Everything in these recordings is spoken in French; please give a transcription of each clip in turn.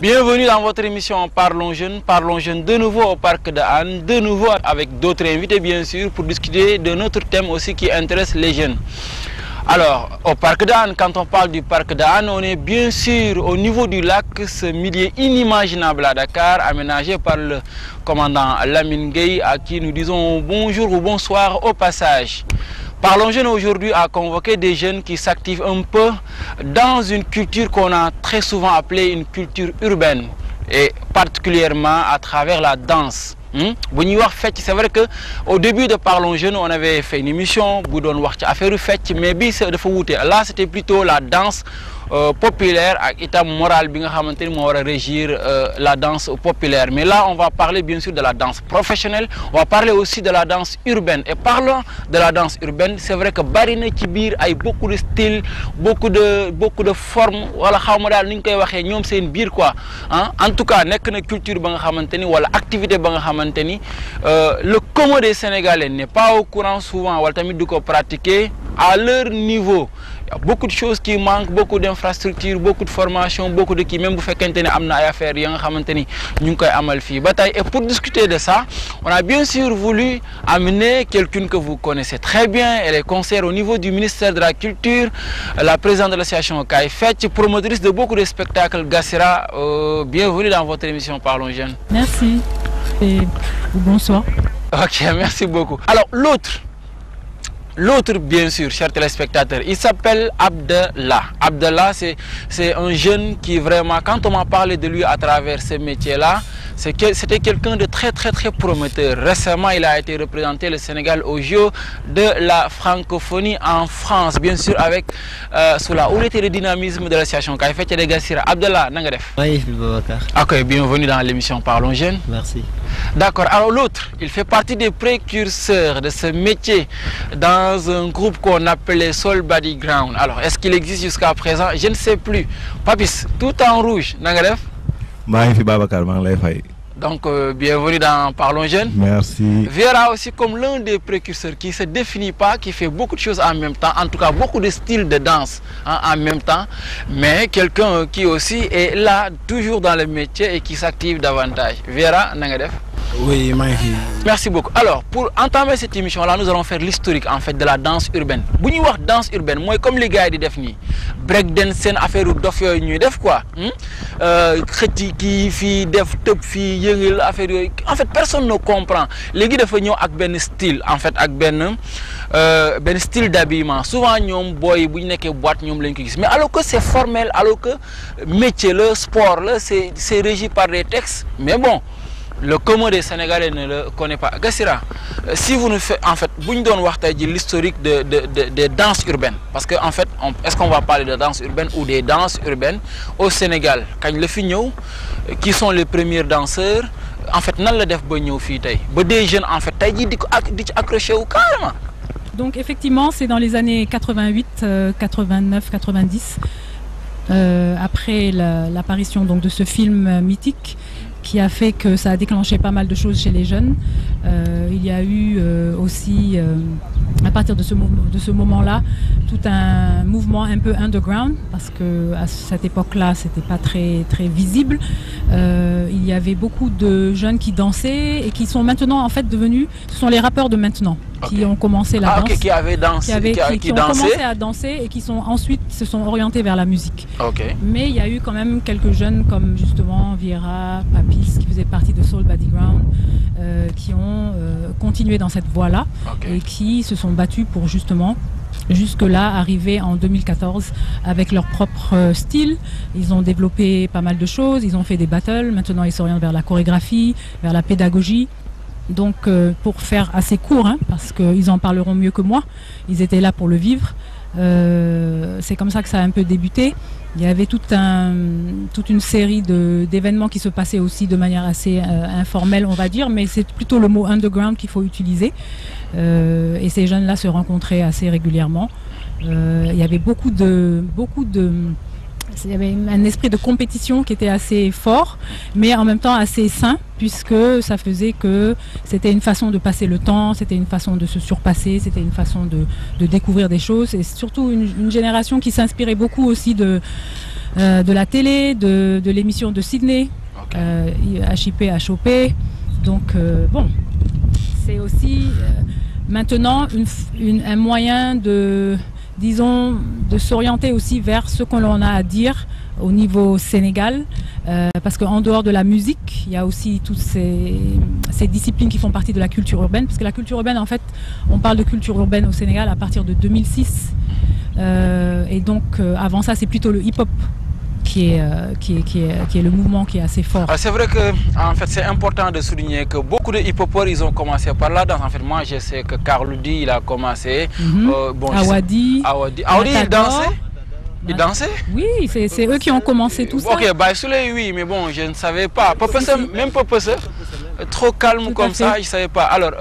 Bienvenue dans votre émission Parlons Jeunes. Parlons Jeunes de nouveau au Parc de Anne, de nouveau avec d'autres invités bien sûr pour discuter de notre thème aussi qui intéresse les jeunes. Alors, au parc d'Anne, quand on parle du parc d'Anne, on est bien sûr au niveau du lac, ce milieu inimaginable à Dakar, aménagé par le commandant Lamine Gueye, à qui nous disons bonjour ou bonsoir au passage. Parlons Jeunes aujourd'hui à convoquer des jeunes qui s'activent un peu dans une culture qu'on a très souvent appelée une culture urbaine et particulièrement à travers la danse. Hmm? c'est vrai que au début de Parlons Jeunes on avait fait une émission on avait fait une fête mais là c'était plutôt la danse euh, populaire et état moral bi nga régir euh, la danse populaire mais là on va parler bien sûr de la danse professionnelle on va parler aussi de la danse urbaine et parlant de la danse urbaine c'est vrai que Barine Kibir a beaucoup de styles, beaucoup de beaucoup de formes wala quoi hein. en tout cas il une culture ou une activité euh, le commun des Sénégalais n'est pas au courant souvent wala pratiquer à leur niveau il y a beaucoup de choses qui manquent beaucoup d'infrastructures beaucoup de formations beaucoup de qui, même vous faites ne on na affaires ya nga et pour discuter de ça on a bien sûr voulu amener quelqu'un que vous connaissez très bien elle est conseillère au niveau du ministère de la culture la présidente de l'association Kaay promotrice de beaucoup de spectacles Gassera, euh, bienvenue dans votre émission Parlons Jeunes. merci et bonsoir. ok merci beaucoup alors l'autre L'autre, bien sûr, chers téléspectateurs, il s'appelle Abdallah. Abdallah, c'est un jeune qui vraiment, quand on m'a parlé de lui à travers ce métier-là, c'était quelqu'un de très très très prometteur. Récemment, il a été représenté le Sénégal au jeu de la francophonie en France, bien sûr avec euh, Où était le dynamisme de l'association Kaifet Gassira Abdallah Nangaref. Oui, Ok, bienvenue dans l'émission Parlons Jeunes. Merci. D'accord. Alors l'autre, il fait partie des précurseurs de ce métier dans un groupe qu'on appelait Soul Body Ground. Alors, est-ce qu'il existe jusqu'à présent Je ne sais plus. Papis, tout en rouge, Nangaref donc, euh, bienvenue dans Parlons Jeunes. Merci. Vera aussi comme l'un des précurseurs qui ne se définit pas, qui fait beaucoup de choses en même temps, en tout cas beaucoup de styles de danse hein, en même temps, mais quelqu'un qui aussi est là, toujours dans le métier et qui s'active davantage. Vera, Nangadef. Oui, merci. merci beaucoup. Alors, pour entamer cette émission-là, nous allons faire l'historique en fait de la danse urbaine. Si nous danse urbaine, moi, comme les gars de font, breakdance, affaire ou dof, ils font quoi hmm? euh, Critique, fi, def, top, fi, yengil, affaire. En fait, personne ne comprend. Les gars font avec ben style, en fait, avec euh, style d'habillement. Souvent, ils boy, ils ne boîte, ils ne Mais alors que c'est formel, alors que métier, le sport, c'est régi par des textes. Mais bon le commun Sénégalais ne le connaît pas euh, si vous nous faites en fait nous l'historique de de des danses urbaines parce que en fait est-ce qu'on va parler de danse urbaine ou des danses urbaines au Sénégal Quand le fi qui sont les premiers danseurs en fait nan le def des jeunes en fait donc effectivement c'est dans les années 88 89 90 après l'apparition donc de ce film mythique qui a fait que ça a déclenché pas mal de choses chez les jeunes. Euh, il y a eu euh, aussi, euh, à partir de ce, de ce moment-là, tout un mouvement un peu underground, parce que à cette époque-là, c'était pas très, très visible. il y avait beaucoup de jeunes qui dansaient et qui sont maintenant en fait devenus, ce sont les rappeurs de maintenant qui ont commencé la ah, danse, qui avaient dansé, qui, ont commencé à danser et qui sont ensuite se sont orientés vers la musique. Mais il y a eu quand même quelques jeunes comme justement Viera, Papis, qui faisaient partie de Soul Body euh, qui ont euh, continué dans cette voie-là et qui se sont battus pour justement jusque-là, arriver en 2014 avec leur propre euh, style. Ils ont développé pas mal de choses, ils ont fait des battles, maintenant ils s'orientent vers la chorégraphie, vers la pédagogie. Donc euh, pour faire assez court, hein, parce qu'ils en parleront mieux que moi, ils étaient là pour le vivre. Euh, c'est comme ça que ça a un peu débuté. Il y avait tout un, toute une série d'événements qui se passaient aussi de manière assez euh, informelle, on va dire, mais c'est plutôt le mot underground qu'il faut utiliser. et ces jeunes-là se rencontraient assez régulièrement. il y avait beaucoup de, beaucoup de, il y avait un esprit de compétition qui était assez fort, mais en même temps assez sain, puisque ça faisait que c'était une façon de passer le temps, c'était une façon de se surpasser, c'était une façon de, découvrir des choses, et surtout une, génération qui s'inspirait beaucoup aussi de, euh, de la télé, de, l'émission de Sydney, euh, HIP, HOP. Donc euh, bon, c'est aussi maintenant un moyen de disons, de s'orienter aussi vers ce qu'on en a à dire au niveau Sénégal, euh, parce qu'en dehors de la musique, il y a aussi toutes ces, disciplines qui font partie de la culture urbaine, parce que la culture urbaine, en fait, on parle de culture urbaine au Sénégal à partir de 2006, euh, et donc euh, avant ça, c'est plutôt le hip-hop euh, qui est, qui, le mouvement qui est assez fort. Euh, c'est vrai que en fait, c'est important de souligner que beaucoup de hip ils ont commencé par là. danse en fait, moi, je sais que Carludi, il a commencé. Mm bon, Awadi. Awadi. il dansait Oui, c'est eux qui ont commencé tout ça. Ok, Soleil oui, mais bon, je ne savais pas. même Popesse, trop calme comme ça, je ne savais pas. Alors,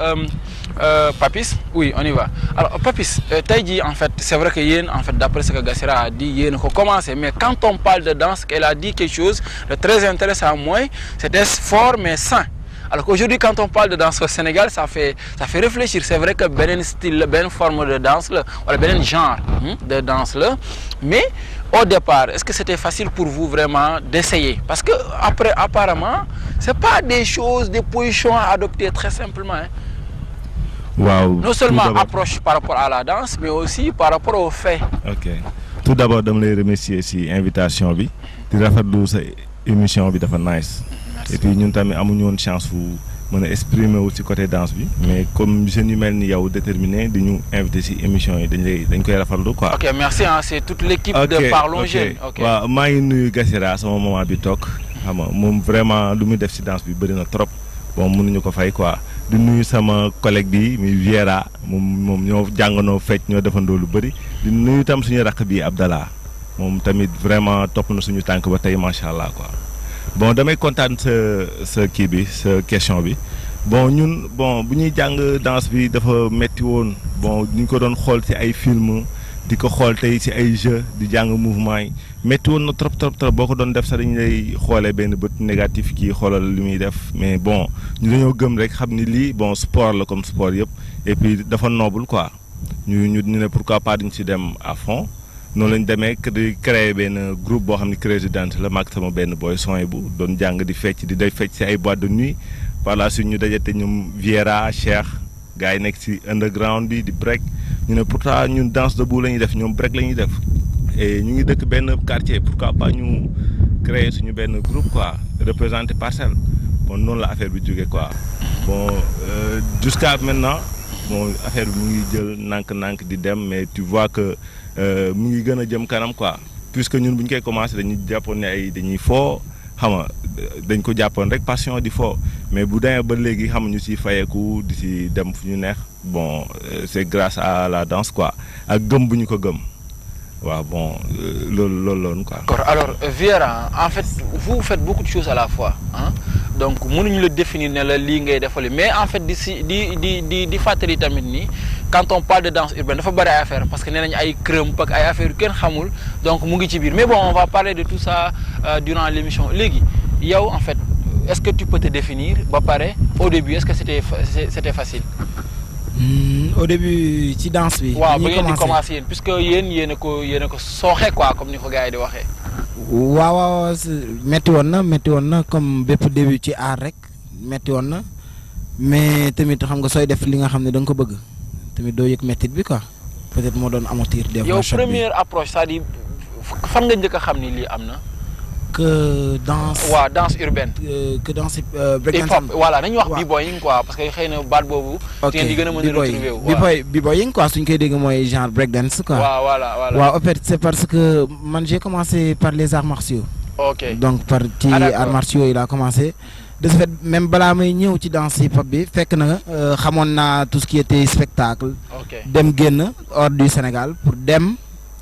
euh, Papis, oui, on y va. Alors, Papis, as euh, dit, en fait, c'est vrai que Yen, en fait, d'après ce que Gassira a dit, Yen a commencé. Mais quand on parle de danse, qu'elle a dit quelque chose de très intéressant à moi. C'était fort mais sain. Alors qu'aujourd'hui, quand on parle de danse au Sénégal, ça fait, ça fait réfléchir. C'est vrai que ben style, une forme de danse, ou genre hmm, de danse Mais au départ, est-ce que c'était facile pour vous vraiment d'essayer Parce que après, apparemment, c'est pas des choses, des positions à adopter très simplement. Hein waaw non seulement approche par rapport à la danse mais aussi par rapport aux faits. ok tout d'abord dama lay remercier si invitation bi di rafetlu sa émission bi dafa nice. et puis ñun tamit amuñu woon chance pour mën exprimer aussi côté danse bi. mais comme je yu mel ni yow déterminé di ñu inviter si émission yi dañ lay dañ koy rafetlu quoi. ok merci Hein. c'est toute l'équipe de Parlons Jeunes. ok waaw maa ngi nuyu Gassira sama maman bi toog xam nga vraiment lu muy def si danse bi bëri na trop bon mënuñu ko fay quoi di nuyu sama collègue bi mi Viera moom moom ñoo jànganoo fecc ñoo defandoo lu bëri di nuyu tam suñu rakk bi Abdallah moom tamit vraiment topp na suñu tànk ba tey macha allah quoi bon damay kontaan sa ce kii bi ce question bi bon ñun bon bu ñuy jàng danse bi dafa metti woon bon ñu ko doon xool ci ay film di ko xool tey si ay jeu di mouvement yi métti na trop trop trop boo ko doon def sax lay négatif mais bon ñu dañoo gëm rek bon sport la comme sport et puis dafa noble quoi ñu ñu ne pourquoi pas dañu dem à fond noonu lañ demee di créé benn groupe boo xam ne la sama benn booy son bu doon jàng di fecc di day de nuit ñu ne pourtant ñun danse debout la ñuy def ñoom break la ñuy def et ñu ngi dëkk benn quartier pourquoi pas ñu créer suñu benn groupe quoi représenter parcelle bon noonu la affaire bi jógee quoi bon euh, jusqu'à maintenant bon affaire bi mu ngi jël nank-nank di dem mais tu vois que euh, mu ngi gën a jëm kanam quoi puisque ñun bu ñu koy commencé dañuy jàppoon ne ay dañuy foo xam nga dañ ko jàppoon rek passion di foo mais bu demee ba léegi xam ñu si fayeku di si dem fu ñu neex bon euh, c'est grâce à la danse quoi à gombe, bon c'est euh, quoi. alors euh, Viera en fait vous faites beaucoup de choses à la fois hein donc nous le définir le la et ngay defali mais en fait quand on parle de danse urbaine il faut faire affaire parce que nous, avons ay crump ak ay affaire donc mu ci mais bon on va parler de tout ça durant l'émission Légui, en fait est-ce que tu peux te définir au début est-ce que c'était facile Hmm, au début ci danse bi. waaw ba ngeen commencé yéen puisque yéen yéen ko yéen ko soxé quoi comme ni ko gaay di waxé wa wa metti woon na métti woon na comme bép début ci art rek metti woon na mais tamit xam nga soy def li nga xam dang ko bëgg tamit do yek metti bi quoi peut-être mo doon amortir. def fois yow première approche c'est-à-dire fan nga njëkk xamni li amna que danse. Ouais, danse urbaine. Euh, que danse euh, break hop voilà nañu wax b-boying quoi parce que xeyna na bobu boobu. di gëna a mën a retrouver b-boying quoi suñ koy dégg moy genre break quoi. Ouais, voilà voilà en fait c'est parce que man j'ai commencé par les arts martiaux. ok donc par les ah, arts martiaux il a commencé. de ce fait même bala may ñëw ci danse hip hop bi fekk na euh, xamoon tout ce qui était spectacle. dem génn hors du Sénégal pour dem.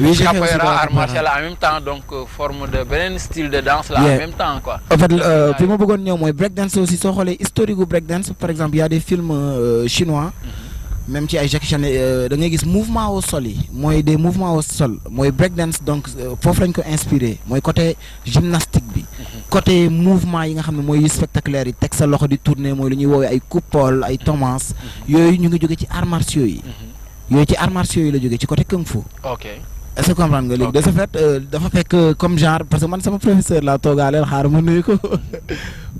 oui, capoeira, art martial en même temps donc euh, forme de beneen style de danse là en même temps quoi. en fait je euh, ma bëggoon ñëw mooy breakdance aussi sur xoolee historique du break par exemple il y a des films euh, chinois. Mhm. même si ay Jackie Chan da a mouvement au sol Moi, des mouvements au sol Moi, breakdance, dance donc foofu lañ ko inspiré Moi, côté gymnastique bi. Mhm. côté mouvement yi nga xam ne mooy spectaculaire yi teg sa loxo di tourner moi lu ñuy woowee ay coupole ay thomas. Mhm. yooyu ñu ngi jóge ci arts martiaux yi. yooyu ci arts martiaux yi la a ci côté kung fu. ok est-ce que comprendre nga léegi de ce fait euh, dafa que euh, comme genre parce que mon sama professeur là, toogaaleel xaar ma nuyu ko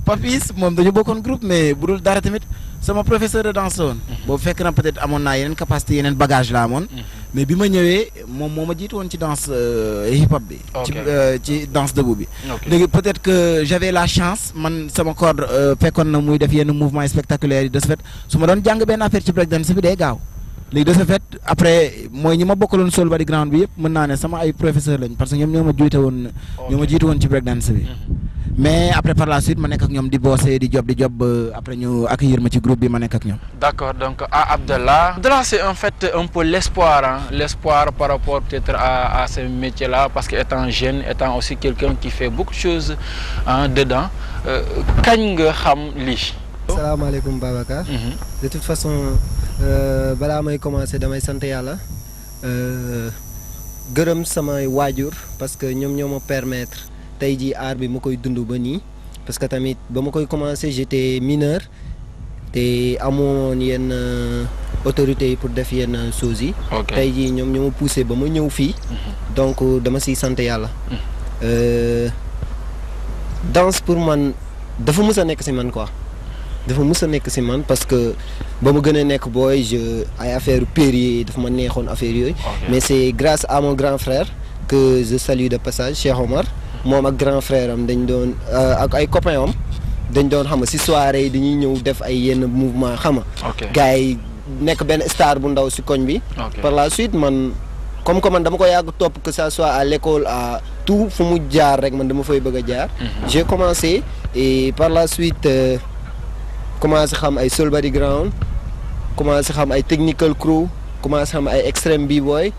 Papis moom dañu bokkoon groupe mais bu dul dara tamit sama professeur de danse woon. Mhm. boobu fekk na peut-être amoon naa une capacité yeneen bagage la mon. Mhm. mais bi ma ñëwee moom moo ma jiitu on ci danse euh, hip hop bi. ci ci danse de boubi. léegi peut-être que j'avais la chance man sama corps fekkoon na muy def un mouvement spectaculaire de ce fait su ma doon jàng benn affaire ci breakdance bi day gaaw de ce fait après moi, je ma beaucoup sol body ground bi yëpp mën naa sama professeur parce que nous ñoo ma jiite woon ñoo ci breakdance mhm. mais après par la suite ma suis ak ñoom di bosser di job di job euh, après ñu accueillir ma ci groupe bi ma d'accord donc à Abdallah. Abdallah c'est en fait un peu l'espoir hein. l'espoir par rapport peut-être à ce métier-là parce qu'étant jeune étant aussi quelqu'un qui fait beaucoup de choses hein dedans euh, kañ nga xam Salam salaamaaleykum Babacar. Mhm. de toute façon. Euh, bala may commencer damay yalla euh geureum samay wajur parce que ñom ñoma permettre tay ji aar bi ma koy ba ni parce que tamit ba ma koy commencer j'étais mineur te amon yenn euh, autorité pour def yenn sosie yi. tey jii ñoom ñoo poussé ba ma ñëw fii. Mhm. donc euh, dama sante yalla mhm. euh danse pour man dafa mës nek ci man quoi. Je ne sais pas parce que je suis je ay affaire péri affaire mais c'est grâce à mon grand frère que je salue de passage Cheikh Omar. Moi, mon grand frère am dañ euh, copains soirée yi mouvement star par la suite comme que que ça soit à l'école à tout fumu mhm. j'ai commencé et par la suite. Euh, commencé xam ay Solbody ground commencé xam ay technical crew commencé xam ay extreme b-boy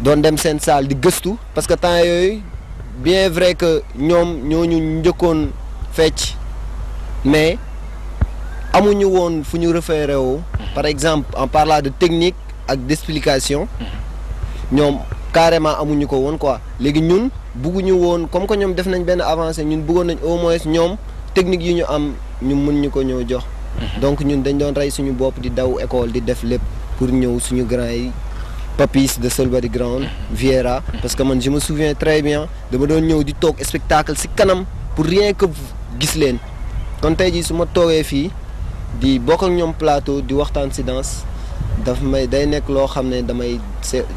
doon dem seen salle di gëstu parce que temps yooyu bien vrai que ñoom ñooñu njëkkoon fecc mais amuñu woon fu ñu par exemple en parlant de technique ak d'explication ñoom carrément amuñu ko woon quoi léegi ñun bugguñu comme que ñoom def nañ benn avancée ñun nañ au moins ñoom technique yi ñu am ñu mun ñu ko ñëw jox. Mhm. donc ñun dañ doon ray suñu bopp di daw école di def lépp pour ñëw suñu grand yi. Papis de Solvary Ground mhm. Viera parce que man je me souviens très bien dama doon ñëw di toog spectacle ci kanam pour rien que gis leen kon tey jii su ma toogee fii di bokk ak ñoom plateau di waxtaan ci danse je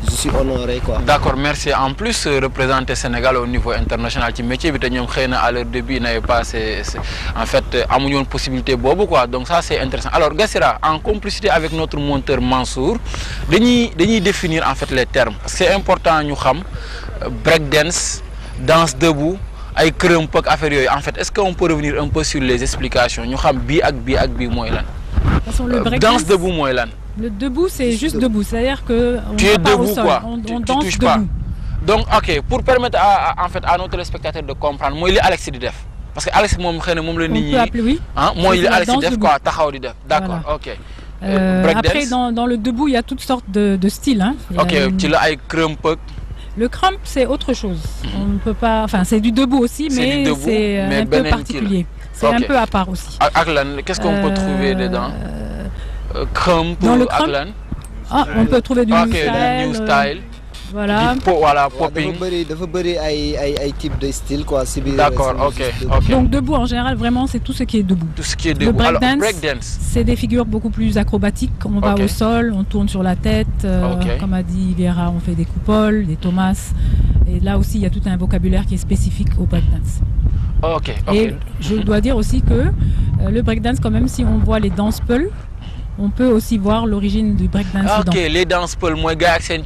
suis honoré d'accord merci en plus euh, représenter Sénégal au niveau international ci métier à début n'avait pas en fait euh, amuñu une possibilité donc ça c'est intéressant alors Gassira en complicité avec notre monteur Mansour de définir en fait les termes c'est important nous xam euh, break danse debout. ay un ak affaire en fait est-ce qu'on peut revenir un peu sur les explications nous xam que ak bi ak danse debout moy le debout, c'est juste debout. C'est-à-dire que on tu au sol. On, danse debout. Donc, ok, pour permettre à, en fait, à notre spectateur de comprendre, moi, il est Alex Didef. Parce que Alex, moi, je le nid. oui. Hein? Ah, moi, il est Alex Didef, quoi. D'accord, ok. Euh, euh, après, dans, dans, le debout, il y a toutes sortes de, de styles. Hein. Ok, tu l'as avec crump. Le crump, c'est autre chose. Hmm. On ne peut pas. Enfin, c'est du debout aussi, mais c'est euh, un peu particulier. C'est un peu à part aussi. Qu'est-ce qu'on peut trouver dedans comme Dans le ah on peut trouver du ah, new euh, style. voilà voilà popping. type de style d'accord ok donc debout en général vraiment c'est tout ce qui est debout. tout ce qui est debout breakdance. c'est des figures beaucoup plus acrobatiques. on va au sol on tourne sur la tête. Euh, comme a dit Vera on fait des coupoles des thomas et là aussi il y a tout un vocabulaire qui est spécifique au breakdance. ok ok et je dois dire aussi que euh, le breakdance quand même si on voit les danses on peut aussi voir l'origine du breakdance. ok, les danses pour le gars, c'est une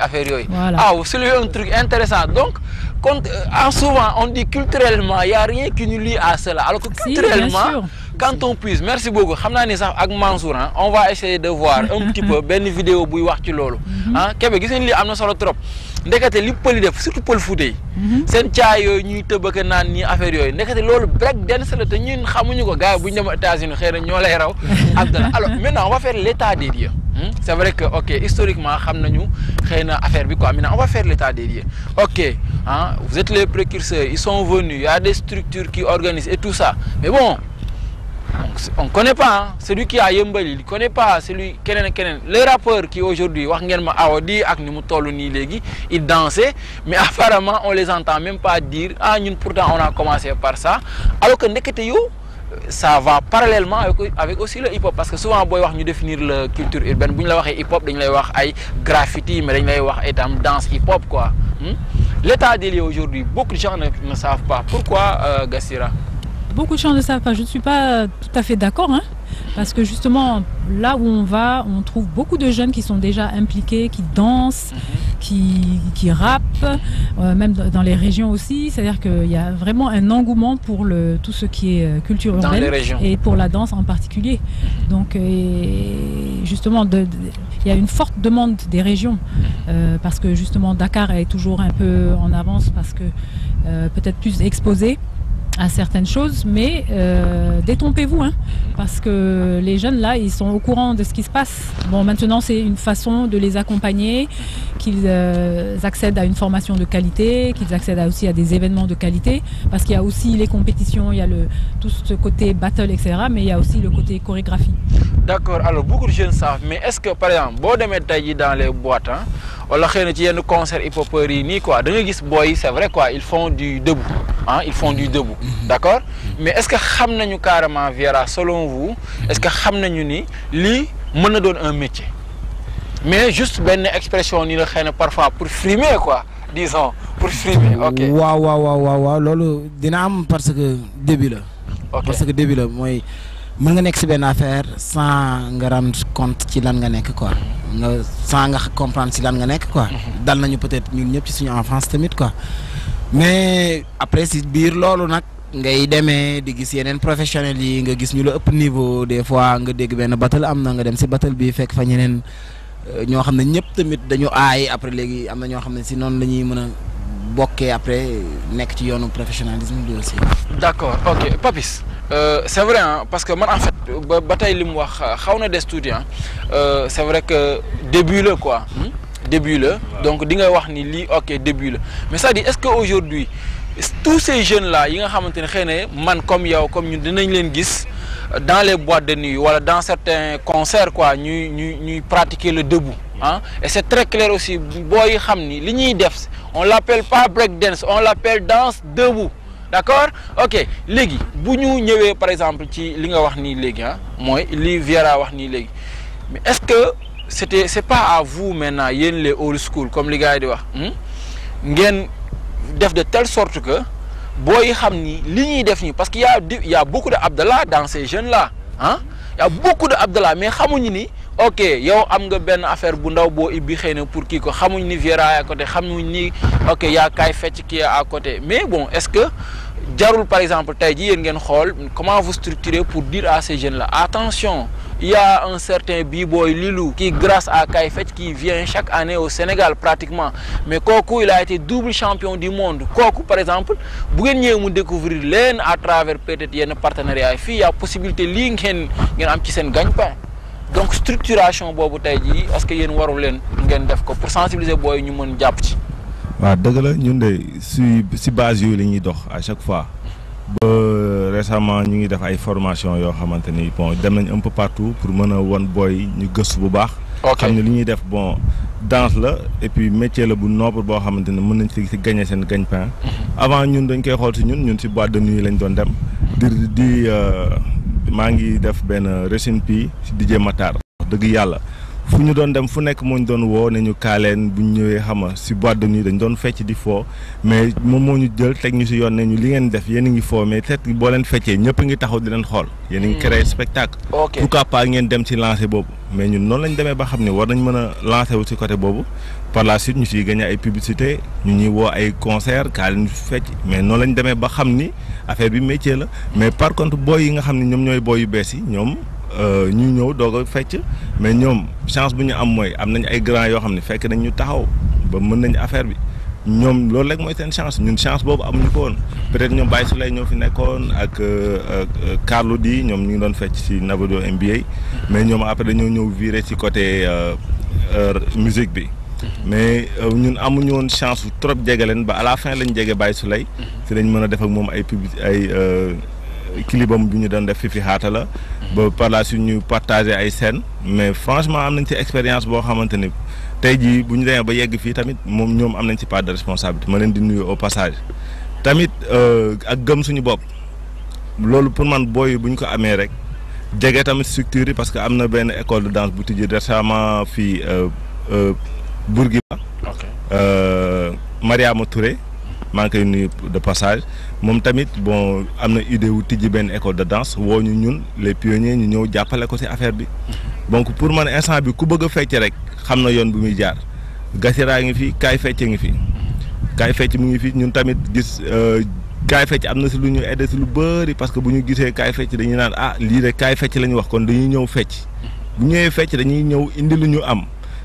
affaire. Voilà. Ah, vous soulevez un truc intéressant. Donc, quand, euh, ah, souvent, on dit culturellement, il n'y a rien qui nous lie à cela. Alors que culturellement, quand on puisse merci beaucoup xam naa ni sax ak Mansour hein, on va essayer de voir un petit peu benn vidéo buy wax ci loolu mhm. ah Kébé gis ngeen lii am solo trop Ndekaté li pël yi def surtout pël Fuuta yi mhm. seen caay yooyu ñuy tëbëka naan ni affaire yoy ndekaté lolu break dance la te ñun xamuñu ko gaay yi dem ñu États-Unis xëy na lay raw Abdallah alors maintenant on va faire l'état des lieux hmm? C'est vrai que ok historiquement xamnañu nañu affaire bi quoi maintenant on va faire l'état des lieux ok ah vous êtes les précurseurs ils sont venus il y a des structures qui organisent et tout ça mais bon on ne connaît pas hein. celui qui a Yembel, il connaît pas celui kenen Kenen. les rappeurs qui aujourd'hui wax ngeen ma ils dansaient mais apparemment on ne les entend même pas dire ah ñun pourtant on a commencé par ça alors que ça va parallèlement avec aussi le hip hop parce que souvent on wax définir la culture urbaine bu on hip hop on lay wax graffiti mais on lay wax danse hip hop hmm? l'état des aujourd'hui beaucoup de gens ne savent pas pourquoi euh, Gassira Beaucoup de gens ne savent pas. Je ne suis pas tout à fait d'accord, hein, parce que justement, là où on va, on trouve beaucoup de jeunes qui sont déjà impliqués, qui dansent, mhm. qui, qui rappent, euh, même dans les régions aussi. C'est-à-dire qu'il y a vraiment un engouement pour le, tout ce qui est euh, culture urbaine et pour la danse en particulier. Mhm. Donc, justement, il y a une forte demande des régions mhm. euh, parce que justement, Dakar est toujours un peu en avance parce que peut-être plus exposé certaines choses, mais détompez euh, détrompez-vous, hein, parce que les jeunes là, ils sont au courant de ce qui se passe. Bon, maintenant, c'est une façon de les accompagner, qu'ils euh, accèdent à une formation de qualité, qu'ils accèdent aussi à des événements de qualité, parce qu'il y a aussi les compétitions, il y a le, tout ce côté battle, etc., mais il y a aussi le côté chorégraphie. D'accord, alors beaucoup de jeunes savent, mais est-ce que par exemple, bon, dans les boîtes, hein, wala xëy na ci yenn concert hip hopeurs yi quoi Donc nga gis c'est vrai quoi ils font du debout hein. ils font du debout mhm. d'accord mhm. mais est-ce que xam nañu carrément Viera selon vous mhm. est-ce que xam nañu ni lui, mën donne un métier mais juste ben expression ni le xëy parfois pour frimer quoi disons pour frimer ok Waouh, waouh, waouh, waouh. waaw loolu dina am parce que début la parce que début moi. mooy mën nga nekk si benn affaire sans nga rendre compte ci lan nga nekk quoi nga sans nga comprendre si lan nga nekk quoi. Mhm. dal nañu peut-être ñun ñëpp ci suñu enfance tamit quoi mais après si biir loolu nag. ngay demee di gis yeneen professionnels yi nga gis ñu la ëpp niveau des fois nga dégg benn battle am na nga dem si battle bi fekk fa ñeneen euh, ñoo xam ne ñëpp tamit dañu aay après léegi am na ñoo xam ne si noonu la ñuy mën a bokkee après nek ci yoonu professionnalisme bi aussi. D'accord, ok Papis euh, c'est vrai hein, parce que man en fait bataille ba tey wax xawna des tuuti ah vrai que début le quoi. Hmm? début le. donc di nga wax ni li ok début le. mais ça dit, est-ce que aujourd'hui tous ces jeunes là yi nga xamanteni ne man comme yow comme ñun dinañ leen gis dans les boîtes de nuit wala dans certains concerts quoi ñuy ñuy ñuy pratiquer le debout Hein? Et c'est très clair aussi, boy xamni li def, on l'appelle pas break dance, on l'appelle danse debout. D'accord OK, légui si ñu ñëwé par exemple ci li nga wax ni légui hein, moy li Viera wax ni légui. Mais est-ce que c'était c'est pas à vous maintenant vous les old school comme les gars di wax, hmm? de telle sorte que boy xamni li def parce qu'il y a il y a beaucoup de Abdallah dans ces jeunes là, hein? Il y a beaucoup de Abdallah mais xamuñu ni ok yow am nga ben affaire bu ndaw bo ibi pour qui ko xamuñ ni Viera à côté xamuñ ni ok à côté mais bon est-ce que jarul par exemple tay ji yéen ngeen comment vous structurez pour dire à ces jeunes là attention il y a un certain b-boy Lilou qui grâce à des Fetch qui vient chaque année au Sénégal pratiquement mais Koko, il a été double champion du monde Koko, par exemple vous vous découvrez mu découvrir l'un à travers peut-être avec partenariat il il y a possibilité de ngeen ngeen am ci seen gagne donc structuration boobu tey jii parce que yéen warul len ngeen def ko pour sensibiliser boy ñu mën japp ci. wa deug la ñun de si si base yu la ñuy dox à chaque fois. ba récemment ñu ngi def ay formation yo xamanteni bon dem nañ un peu partout pour mëna won boy ñu gëstu bu baax. xam ne li def bon danse la et puis métier la bu noble bo xamanteni ne ci gagner, sen si gagne-pain. Mhm. avant ñun dañ koy xol ci ñun ñun ci boîte de nuit lañ doon dem. di di. Euh, maa ngi def benn resinpi si DJ Matar wax dëgg yàlla fu ñu doon dem fu nekk moo ñu doon woo ne ñu kaaleen bu ñu ñëwee xama si boîte de nuit dañu doon fecc di foo mais moom moo ñu jël teg ñu si yoon ne ñu li ngeen def yéen a ngi foo mais peut-être boo leen feccee ñëpp ngi taxaw di leen xool yéen a ngi créé spectacle pourquoi pas ngeen dem si lancé boobu mais ñun noonu lañ demee ba xam ne war nañ mën a lancé wu si côté boobu par la suite ñu siy gagné ay publicité ñu ñuy woo ay concert kaaleen fecc mais noonu lañ demee ba xam ni affaire bi métier la mais par contre booy yi nga xam ne ñoom ñooy booy yu bees yi ñoom euh, ñu ñëw doog a fecc mais ñoom chance bu ñu am mooy am nañ ay grand yoo xam ne fekk nañ ñu taxaw ba mën nañu affaire bi ñoom loolu rek mooy seen chance ñun chance boobu amuñu ko woon peut-être ñoom Baye lay ñoo fi nekkoon ak euh, euh, Carlou D ñoom ñu ngi doon fecc ci Navodo NBA mais ñoom après dañoo ñëw viré ci côté musique bi. mais euh, ñun amuñu woon chance trop jege leen ba à la fin lañ jege Baye Souley si mhm. dañ mën a def ak moom ay ay kilibam euh, bi ñu doon def fifi xaata la mhm. ba par la suite ñu partager ay scènes mais franchement am nañ ci expérience boo xamante ni buñu jii ba yegg fi tamit mom ñom am nañ ci pas de responsabilité ma leen di nuyu au passage tamit euh ak gëm suñu bop lolu pour man boy buñ ko amé rek djégé tamit structure parce que amna ben école de danse bu tijji récemment euh, euh Bourguiba. ok euh, Mariama Touré. maa ngi koy nuyu de passage moom tamit bon am na idée wu tijji benn école de danse woo ñu ñun les pionniers ñu ñëw jàppale ko si affaire bi. Mhm. donc pour man instant bi ku bëgg a fecc rek xam na yoon bu muy jaar. Gassiraa ngi fi kaay fecc ngi fi. Mhm. kaay fecc mu ngi fi ñun tamit gis euh, kaay fecc am na si lu ñu aidé ci lu bari parce que bu ñu gisee kaay fecc dañuy naan ah lii rek kaay fecc la ñu wax kon dañuy ñëw fecc. Mhm. bu ñëwee fecc dañuy ñëw indi lu ñu am.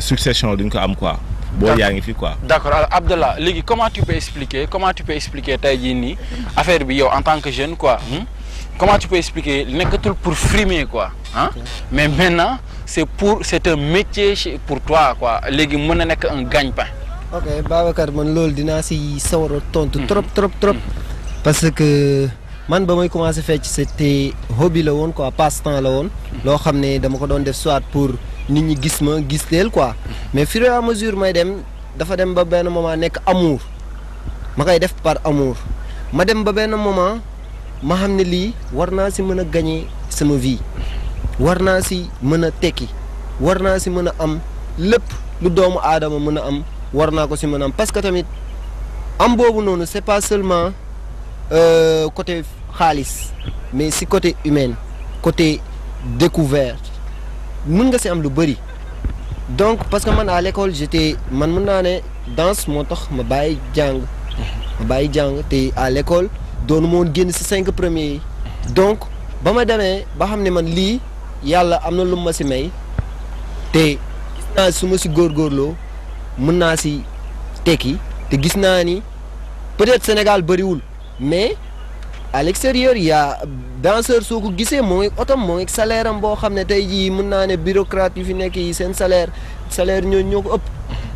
succession d'une femme, quoi. Bon, il ngi quoi. d'accord alors Abdallah comment tu peux expliquer comment tu peux expliquer ta jii affaire bio en tant que jeune quoi. Hmm? comment tu peux expliquer n'est tout pour frimer quoi hein? mais maintenant c'est pour c'est un métier pour toi quoi léegi mën na nekk un gagne-pain. ok Babacar mon lol, dinaa si sawar a hmm. trop trop trop. Hmm. parce que man ba may commencé c'était faire, c'était hobby la quoi passe-temps la on loo xam ne dama ko donne soit pour nit ñi gis ma gis leen quoi mais fur et à mesure may dem dafa dem ba benn moment nekk amour ma koy def par amour ma dem ba benn moment ma xam ne lii war naa si mën a gagner sama vie war naa si mën a tekki war naa si mën a am lépp lu doomu aadama mën am war ko si mën parce que tamit am boobu noonu c'est pas seulement euh, côté xaalis mais si côté humain côté découverte mën nga si am lu bëri donc parce que man à l'école j'étais man mën naa ne danse moo tax ma bàyyi jàng ma bàyyi jàng te à l'école doonu moon génn si cinq premiers yi donc ba ma demee ba xam ne man lii yàlla am na lu ma si may te gis naa su ma si góorgóorloo mën naa si tekki te gis naa ni peut-être Sénégal bëriwul mais à l'extérieur il a danseur soo ko gisee moom ak otom moom ak salaire am boo xam ne tey jii mën naa ne bureaucrate yu fi nekk yi seen salaire salaire ñooñu ñoo ko ëpp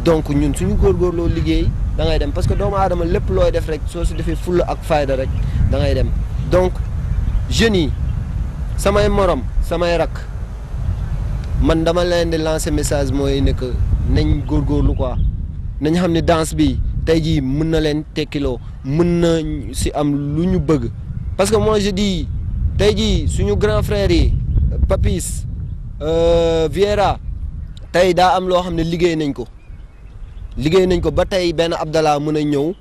donc ñun suñu góorgóorloo liggéey dangay ngay dem parce que doomu aadama lépp looy def rek soo si defee fulla ak fayda rek da ngay dem donc jeunes yi samay morom samay rak man dama leen di message mooy nekk que nañ góorgóorlu quoi nañ xam ne danse bi tayji mën na len mën si am parce que moi je dis tayji suñu grand frère yi Papis euh, viera tay da am nañ ko nañ ko ba Abdallah ñëw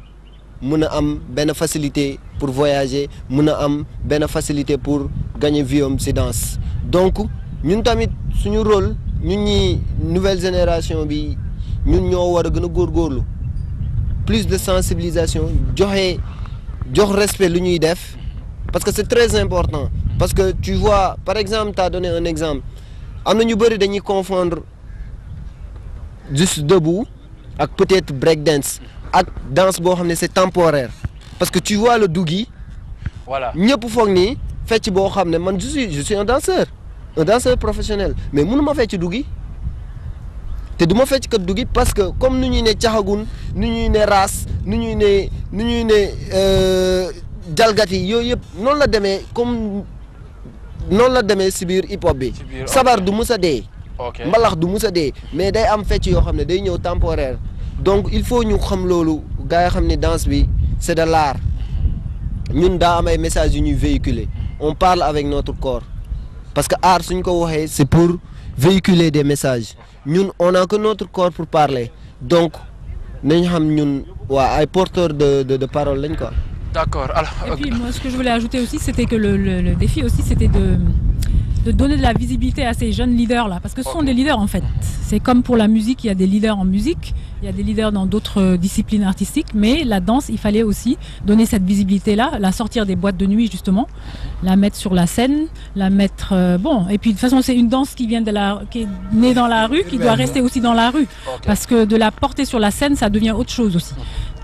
am facilité pour voyager mën am facilité pour gagner vie homme si danse donc ñun tamit suñu rôle ñun ñi nouvelle génération bi ñun ñoo war gëna plus de sensibilisation de respect lu parce que c'est très important parce que tu vois par exemple tu as donné un exemple on confondre juste debout avec peut-être breakdance, dance danse c'est temporaire parce que tu vois le dougi voilà Nous pour ni je suis un danseur un danseur professionnel mais fait du dougi c'est fecc parce que comme nous sommes ne nous nous ne race, nous sommes ne euh, comme la hip hop sabar mais day donc il faut que nous sachions que Les danse c'est de l'art Nous, avons des messages on parle avec notre corps parce que art c'est pour véhiculer des messages nous on a que notre corps pour parler donc nous sommes porteurs de de parole d'accord et puis moi ce que je voulais ajouter aussi c'était que le, le défi aussi c'était de de donner de la visibilité à ces jeunes leaders-là, parce que ce sont des leaders en fait. Mhm. C'est comme pour la musique, il y a des leaders en musique, il y a des leaders dans d'autres euh, disciplines artistiques, mais la danse, il fallait aussi donner cette visibilité-là, la sortir des boîtes de nuit justement, la mettre sur la scène, la mettre... Euh, bon, et puis de toute façon, c'est une danse qui vient de la... qui est née dans la rue, qui doit rester aussi dans la rue, parce que de la porter sur la scène, ça devient autre chose aussi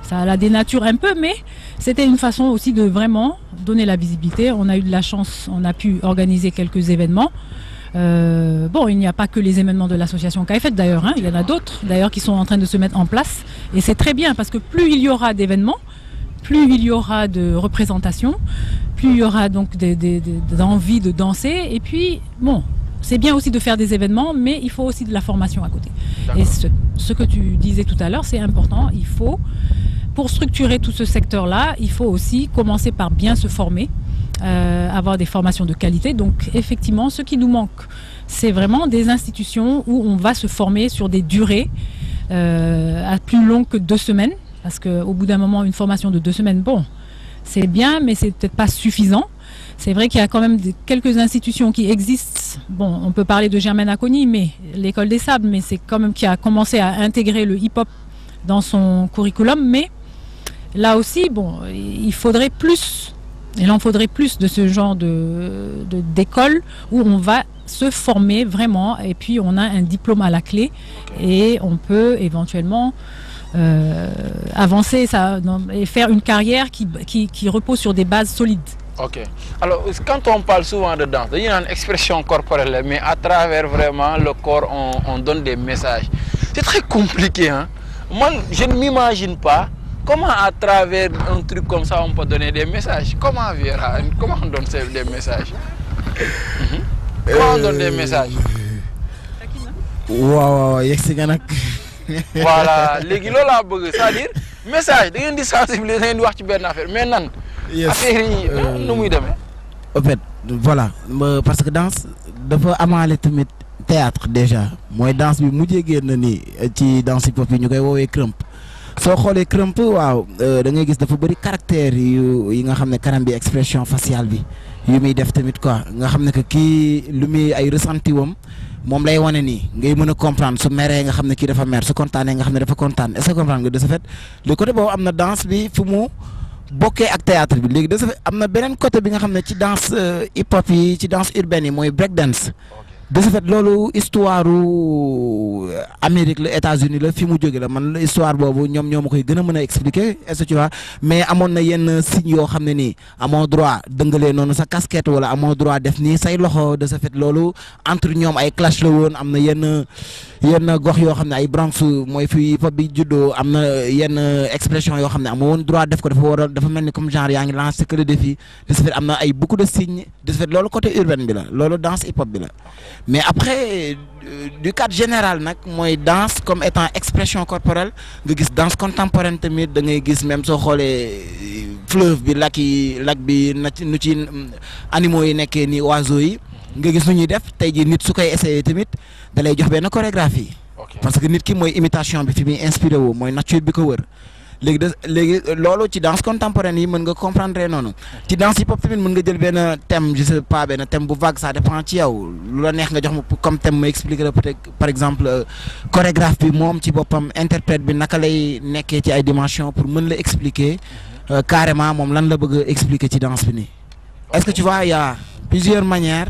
ça la dénature un peu, mais c'était une façon aussi de vraiment donner la visibilité. On a eu de la chance, on a pu organiser quelques événements. Euh, bon, il n'y a pas que les événements de l'association KFF d'ailleurs, hein, il y en a d'autres d'ailleurs qui sont en train de se mettre en place. Et c'est très bien parce que plus il y aura d'événements, plus il y aura de représentations, plus il y aura donc d'envie de danser. Et puis, bon, c'est bien aussi de faire des événements, mais il faut aussi de la formation à côté. Et ce, ce, que tu disais tout à l'heure, c'est important. Il faut pour structurer tout ce secteur-là, il faut aussi commencer par bien se former, euh, avoir des formations de qualité. Donc effectivement, ce qui nous manque, c'est vraiment des institutions où on va se former sur des durées euh, à plus long que deux semaines, parce qu'au bout d'un moment, une formation de deux semaines, bon, c'est bien, mais c'est peut-être pas suffisant. C'est vrai qu'il y a quand même quelques institutions qui existent. Bon, on peut parler de Germaine Acogny mais l'école des sables, mais c'est quand même qui a commencé à intégrer le hip-hop dans son curriculum, mais Là aussi, bon, il faudrait plus, il en faudrait plus de ce genre de d'école où on va se former vraiment et puis on a un diplôme à la clé et on peut éventuellement euh, avancer ça, et faire une carrière qui, repose sur des bases solides. Ok. Alors, quand on parle souvent de danse, il y a une expression corporelle, mais à travers vraiment le corps, on, donne des messages. C'est très compliqué. Hein. Moi, je ne m'imagine pas Comment à travers un truc comme ça on peut donner des messages Comment hein? Comment on donne des messages euh, Comment on donne des messages Waouh, waaw yegg si voilà les loolu là, bëgg c'est-à-dire message da ngeen di sensibiliser da ngeen di wax ci affaire mais nan. affaire yi euh, nu en fait voilà parce que danse d'aller amaale tamit théâtre déjà moi, danse bi suis génn nii ci danse pour hop je soo xoolee Crump waaw euh, dangay gis dafa bëri caractère yu yi nga xam ne kanam bi expression faciale bi yu muy def tamit quoi nga xam ne que kii lu muy ay ressenti wam moom lay wane nii ngay mën a comprendre su meree nga xam ne kii dafa mer su kontaanee nga xam ne dafa kontaan est-ce que comprendre nga de a fait le côté fu mu bokkee ak théâtre bi léegi de ce fait am na beneen côté bi nga xam ne ci danse euh, hip hop yi ci danse urbaine yi mooy break dance de fait loolu histoire euh, Amérique la États-Unis la fi mu jógee la man histoire boobu ñoom ñoo ma koy gën a mën a expliquer est-ce que tu mais amoon na yenn sign yoo xam ne nii amoo droit dëngalee noonu sa casquette wala amoo droit def nii say loxo de ce fait loolu entre ñoom ay clash la woon am na yenn. yenn gox yoo xam ne ay branche mooy fi fa bi juddoo am na yenn expression yoo xam ne amoo woon droit def ko dafa war a dafa mel ni comme genre yaa ngi lancé que le défi de ce fait am na ay beaucoup de signes de ce fait loolu côté urbain bi la loolu danse hip hop bi la mais après euh, du cadre général nag mooy danse comme étant expression corporelle nga gis danse contemporaine tamit da ngay gis même soo xoolee euh, fleuve bi lac yi lac bi na ci nu ci euh, animaux yi nekkee ni oiseaux yi nga gis nu ñuy def tey ji nit su koy essayé tamit da lay jox ben chorégraphie. parce que nit ki moy imitation bi fi muy inspiré woo moy nature bi ko wër. légui légui lolo ci danse contemporaine yi mën nga comprendre nonou ci danse hip hop tamit mën nga jël ben thème je sais pas ben thème bu vague ça dépend ci yow lu la neex nga jox comme thème ma expliquer peut-être par exemple euh, chorégraphe bi mom ci bopam interprète bi naka lay nekkee ci ay dimension pour mën la expliquer euh, carrément mom lan la bëgg expliquer ci danse bi est-ce que tu vois il y a plusieurs manières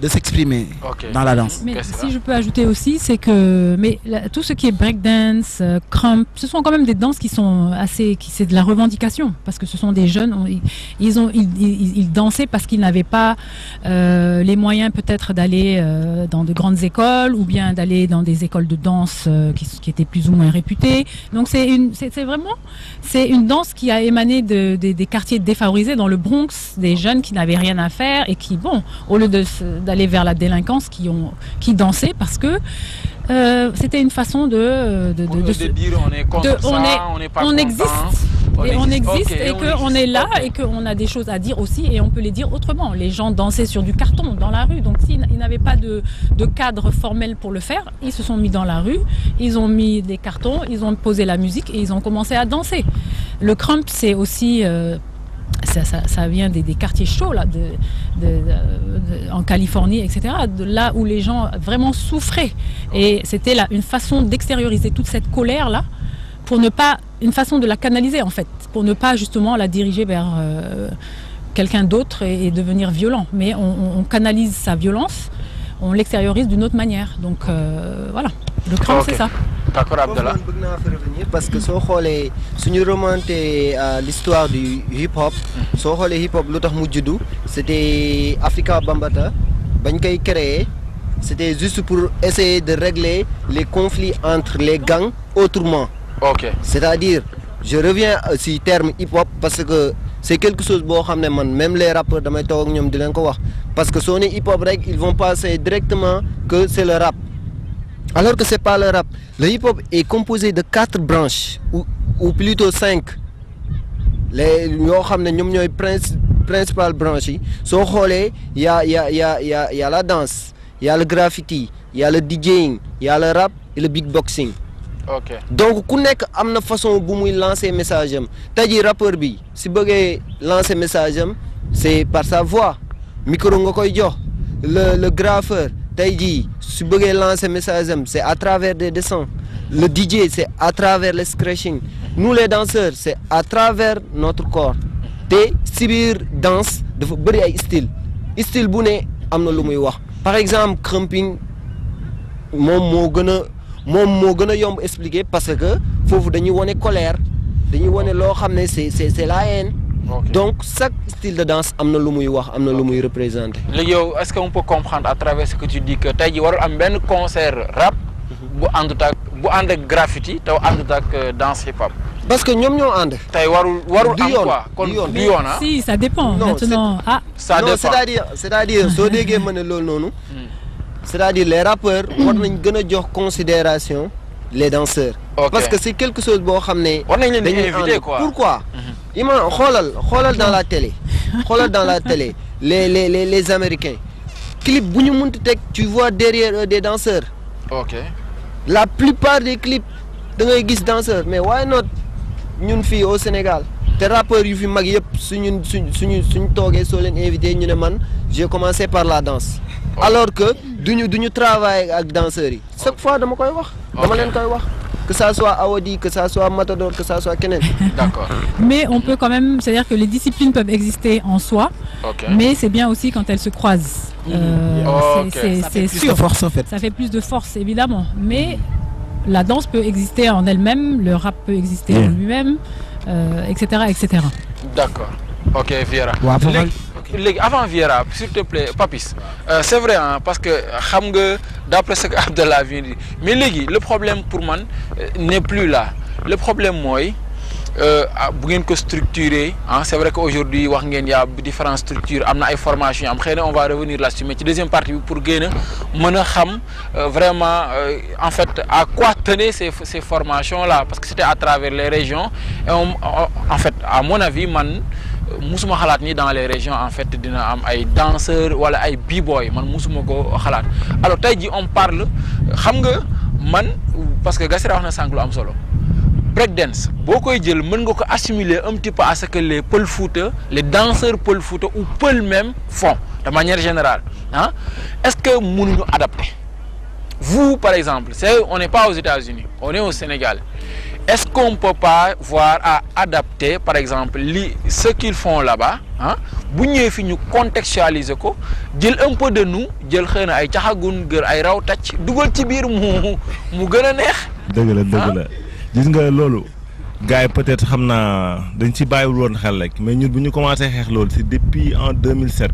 de s'exprimer dans la danse. Mais si je peux ajouter aussi, c'est que mais tout ce qui est breakdance, euh, crump, ce sont quand même des danses qui sont assez, qui c'est de la revendication parce que ce sont des jeunes, ils ont ils, dansaient parce qu'ils n'avaient pas euh, les moyens peut-être d'aller euh, dans de grandes écoles ou bien d'aller dans des écoles de danse qui, qui, étaient plus ou moins réputées. Donc c'est une, c'est vraiment, c'est une danse qui a émané de, des quartiers défavorisés dans le Bronx, des jeunes qui n'avaient rien à faire et qui bon, au lieu de, de d'aller vers la délinquance qui, ont, qui dansaient parce que euh, c'était une façon de... Euh, de, on est ça, on, existe. et on existe et qu'on est là et qu'on a des choses à dire aussi et on peut les dire autrement. Les gens dansaient sur du carton dans la rue, donc s'ils n'avaient pas de, cadre formel pour le faire, ils se sont mis dans la rue, ils ont mis des cartons, ils ont posé la musique et ils ont commencé à danser. Le crump, c'est aussi euh, ça, vient des, quartiers chauds là, en Californie, etc. là où les gens vraiment souffraient. Et c'était une façon d'extérioriser toute cette colère là pour ne pas une façon de la canaliser en fait, pour ne pas justement la diriger vers euh, quelqu'un d'autre et, devenir violent. Mais on, canalise sa violence, on l'extériorise d'une autre manière. Donc euh, voilà le crâne c'est ça. revenir parce que si on suñu à euh, l'histoire du hip hop soo le hip hop c'était Africa Bambata c'était juste pour essayer de régler les conflits entre les gangs autrement c'est-à-dire je reviens le euh, terme hip hop parce que c'est quelque chose que même les rappeurs de parce que on est hip hop ils vont penser directement que c'est le rap alors que ce n'est pas le rap. Le hip-hop est composé de quatre branches, ou, plutôt cinq. Les, principales branches. So, il y a, y, a, la danse, il y a le graffiti, il y a le DJing, il le rap et le big boxing. donc il y a une façon de lancer message am dit si lancer message c'est par sa voix micro le le graffeur tey si su bëggee lancer message am c'est à travers des dessins le DJ c'est à travers le scratching nous les danseurs c'est à travers notre corps Des si danse dafa bëri ay style style bu ne le lu par exemple cramping mon mot gën a moom moo yom expliquer parce que vous dañuy une colère dañuy wane loo c'est c'est la haine donc chaque style de danse am na lu muy wax am lu muy yow est-ce qu'on peut comprendre à travers ce que tu dis que tey ji warul am concert rap. bu àndut bu ànd graffiti te àndut euh, danse hip hop. parce que ñoom ñoo ànd. tey warul warul am quoi kon du yoon ah. si ça dépend maintenant ah. ça dépend non c'est-à-dire c'est-à-dire soo déggee ma ne loolu hmm. c'est-à-dire les rappeurs war nañ gën jox considération les danseurs. parce que c'est quelque chose de ramener. On war nañ quoi pourquoi. Mhm. ima xoolal xoolal dans la télé. xoolal dans la télé les les les les américains. clip bu ñu mënti tu vois derrière eux des danseurs. ok la plupart des clips da ngay gis danseurs mais why not Une fille au Sénégal. te rappeurs yu fi mag yëpp suñu suñ suñu suñ toogee soo leen j'ai commencé par la danse alors que duñu duñu avec la danseurs chaque fois dama koy wax dama que ça soit Awadi, que ça soit Matador, que ça soit Kenen. D'accord. mais on peut quand même, c'est-à-dire que les disciplines peuvent exister en soi, mais c'est bien aussi quand elles se croisent. Mmh. Euh, fait plus De force, en fait. Ça fait plus de force, évidemment. Mais mmh. la danse peut exister en elle-même, le rap peut exister en mmh. lui-même, etc., euh, etc. D'accord. Ok, Viera avant Vieira s'il te plaît Papis euh, c'est vrai hein, parce que euh, xam d'après ce que Abdallah vient dire mais le problème pour moi euh, n'est plus là le problème moi, euh, ah, ngeen structurer hein, c'est vrai qu'aujourd'hui, il y a différentes structures il y a des formations on va revenir là-dessus mais deuxième partie pour gagner, je vraiment en fait à quoi tenaient ces formations là parce que c'était à travers les régions et en fait à mon avis man musuma xalat ni dans les régions en fait dina am ay danseurs wala ay b-boy man musuma ko xalat alors tey on parle xam nga man parce que Gassira wax na sànq lu am solo breakdance bokoy boo jël nga ko assimiler un petit peu à ce que les pole Fouta les danseurs pole Fouta ou pole même font de manière générale hein est-ce que mënuñu adapter vous par exemple c'est on n'est pas aux États-Unis on est au Sénégal est-ce qu'on peut pas voir à adapter, par exemple, li, ce qu'ils font là-bas, hein, bu ñëwee fi ñu contextualiser ko jël un peu de nous jël xëy ay taxagun geur ay raw tacc Dougal ci biir mu mu gëna neex. Deug la deug hein? la gis nga lolu, gars peut-être xamna dañ ci bàyyiwul woon xel rek mais ñun buñu commencé xex lolu, C'est depuis en 2007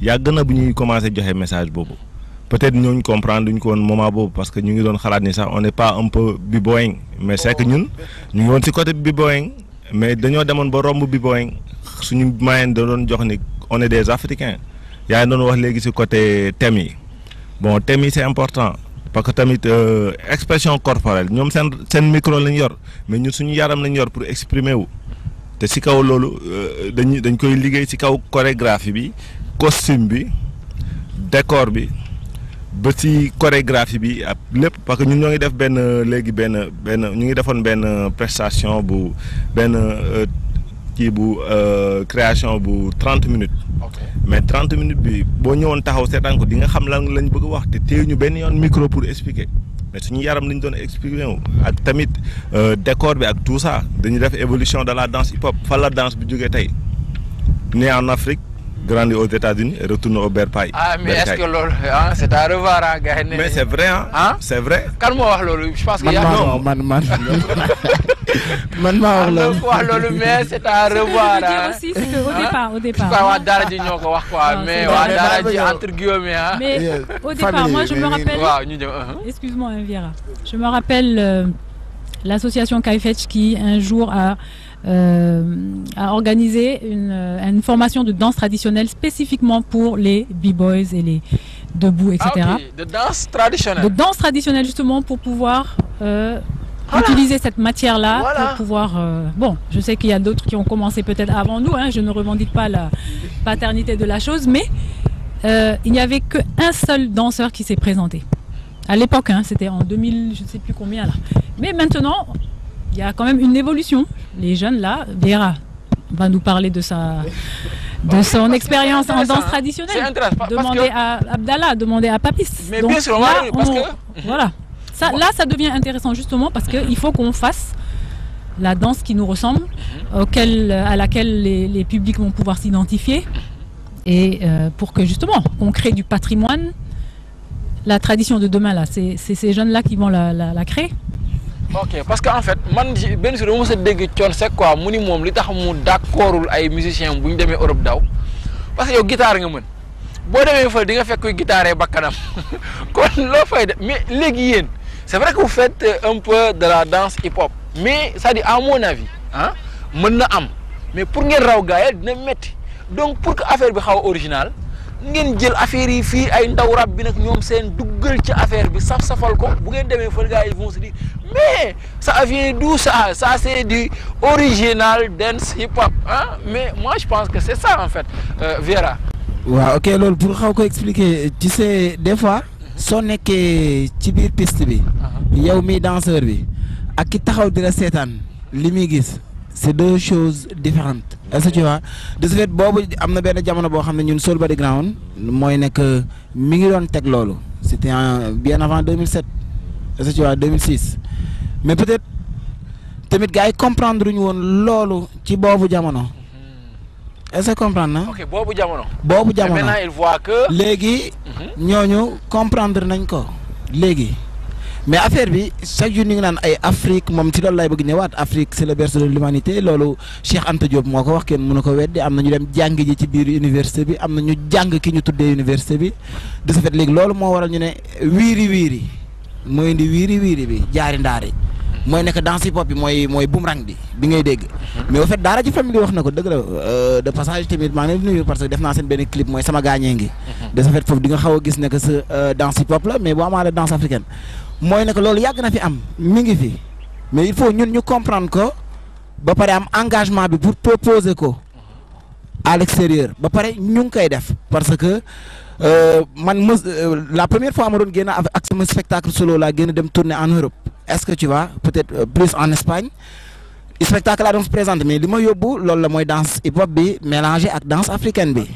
yàgg na bu commencé joxe message bobu peut-être ñooñu comprendre duñ ko moment boobu parce que ñu ngi doon pas ni sax on n'est pas un peu b mais c'est que ñun ñu ngi woon ci côté b mais dañoo demoon ba romb b-boying suñu moyen da doon jox ni on est des africains y a doon wax léegi ci côté thème yi bon thème c'est important parce que tamit euh, expression corporelle ñom sen sen micro lañ yor mais ñun suñu yaram lañ yor pour exprimer wu té ci kaw lolu euh, dañ dañ koy liggéey ci kaw chorégraphie bi costume bi décor bi ba ci chorégraphie bi ak lépp parce que ñun ñoo ngi def benn léegi benn benn ñu ngi defoon benn prestation bu benn euh, kii bu euh, création bu trente minutes. mais trente minutes bi boo ñëwoon taxaw seetaan ko di nga xam lan lañ bëgg wax te téye ñu benn yoon micro pour expliquer mais suñu yaram lañ doon expliquer wu ak tamit euh, décor bi ak tout ça dañu def évolution de la danse hip hop fa la danse bu jógee tey né en Afrique grandi aux États-Unis et retourne au Berpaï. Ah, mais est-ce que hein, c'est à revoir, hein, Mais c'est vrai, hein, hein? c'est vrai. Quand moi, je pense qu'il y a. Non, man, man. man, man, man. quoi, mais c'est à revoir. Ce que je veux dire hein. aussi, c'est qu'au hein? départ, au départ. Quoi, Wadara dit non, quoi, quoi, mais Wadara dit entre guillemets, hein. Mais au départ, moi, je me rappelle. Uh-huh. Excuse-moi, Viera. Je me rappelle euh, l'association Kaifetch qui, un jour, a. Euh, a organisé euh, une, formation de danse traditionnelle spécifiquement pour les b-boys et les debout, etc. Ah, de danse traditionnelle. De danse traditionnelle justement pour pouvoir euh, utiliser cette matière-là pour pouvoir. bon, je sais qu'il y a d'autres qui ont commencé peut-être avant nous. Hein, je ne revendique pas la paternité de la chose, mais il n'y avait qu'un seul danseur qui s'est présenté. À l'époque, hein, c'était en 2000, je ne sais plus combien là. Mais maintenant, il y a quand même une évolution. Les jeunes là, Vera va nous parler de sa de son expérience en danse hein. traditionnelle. Demandez à Abdallah, demandez à Papis. Mais bien sûr, là, voilà. Ça, là, ça devient intéressant justement parce qu'il faut qu'on fasse la danse qui nous ressemble, mhm. auquel, à laquelle les, publics vont pouvoir s'identifier, et euh, pour que justement on crée du patrimoine. La tradition de demain, là, c'est ces jeunes-là qui vont la créer. ok parce que en fait man benn si dama dégg coon c' quoi mu ni moom li tax mu d' accordul ay musicien bu ñu demee Europe daw parce que yow guitare main mën boo demee fa di nga fekk kuy guitare bakkanam kon loo fay de mais léegi yéen c' vrai que vous faites euh, un peu de la danse hip hop mais ça dit à mon avis ah mën na am mais pour ngeen raw gars dina métti donc pour que affaire bi original. ngeen jël affaire yi fii ay ndaw rab bi nag ñoom seen duggal ci affaire bi saf safal ko bu ngeen demee fële gars yi vont se dire mais ça vient d'où ça ça c'est du original dance hip hop ah hein? mais moi je pense que c'est ça en fait euh, Vera. waaw ok loolu pour xaw ko expliquer tu sais des fois mhm. soo nekkee ci biir piste bi. Uh-huh. yow mi danseur bi ak ki taxaw di la seetaan li muy gis c'est deux choses différentes est-ce que tu vois de ce fait boobu am na benn jamono boo xam ne ñun Soul Body Ground mooy nekk mi ngi doon teg loolu c'était bien avant 2007 est-ce que tu vois 2006 mais peut-être tamit gars yi comprendre ñu woon loolu ci boobu jamono. Mhm. est-ce que comprendre na. ok boobu jamono. boobu jamono mais maintenant il voit que. léegi. Mhm. ñooñu comprendre nañ ko léegi. mais affaire bi chaque jour ñu ngi naan ay afrique moom ci loolu lay bëgg ñëwaat afrique c' est le berce de l' humanité loolu cheikh anta diop moo ko wax kenn mënu ko weddi am na ñu dem jàng ji ci biir université bi am na ñu jàng ki ñu tuddee université bi de ce fait léegi loolu moo waral ñu ne wiiri wiiri mooy indi wiiri wiiri bi jaari ndaari mooy nekk dans si bopp bi mooy mooy boomerang bi bi ngay dégg mais au fait dara ji famille wax na ko dëgg la euh, de passage tamit maa ngi leen nuyu parce que def naa seen benn clip mooy sama gaañee ngi de ce fait foofu di nga xaw a gis ne que sa euh, dans si bopp la mais boo amaale danse africaine moy ne lolou loolu na fi am mi ngi fi mais il faut ñun ñu comprendre ko ba paré am engagement bi pour proposer ko à l'extérieur ba paré ñu ngi koy def parce que euh, man euh, la première fois ma doon génn ak sama spectacle solo la génn dem tourner en Europe est-ce que tu vois peut-être euh, plus en Espagne spectacle laa se présente mais lima yobou lolou la moy danse hip hop bi mélangé ak danse africaine bi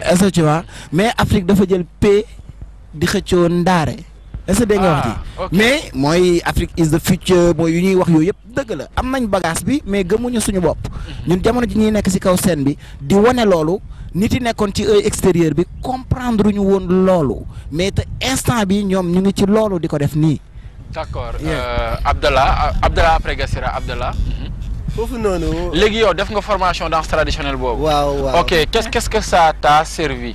est-ce que tu vois mais Afrique dafa jël paix di xëccoo ndaré est-ce que dégg ah, mais mooy Afrique is the future mooy yu ñuy wax yooyu yëpp dëgg la am nañ bagage bi mais gëmuñu suñu bopp mhm. ñun jamono ji ñuy nekk si kaw scène bi di wane loolu nit yi ci œil extérieur bi comprendre ñu won loolu mais te instant bi ñoom ñu ngi ci loolu di ko def nii d'accord euh, Abdallah euh, Abdallah après Gassira Abdallah mhm. foofu noonu léegi yow def nga formation dans traditionnelle boobu waaw waaw ok qu'est-ce que ça t'a servi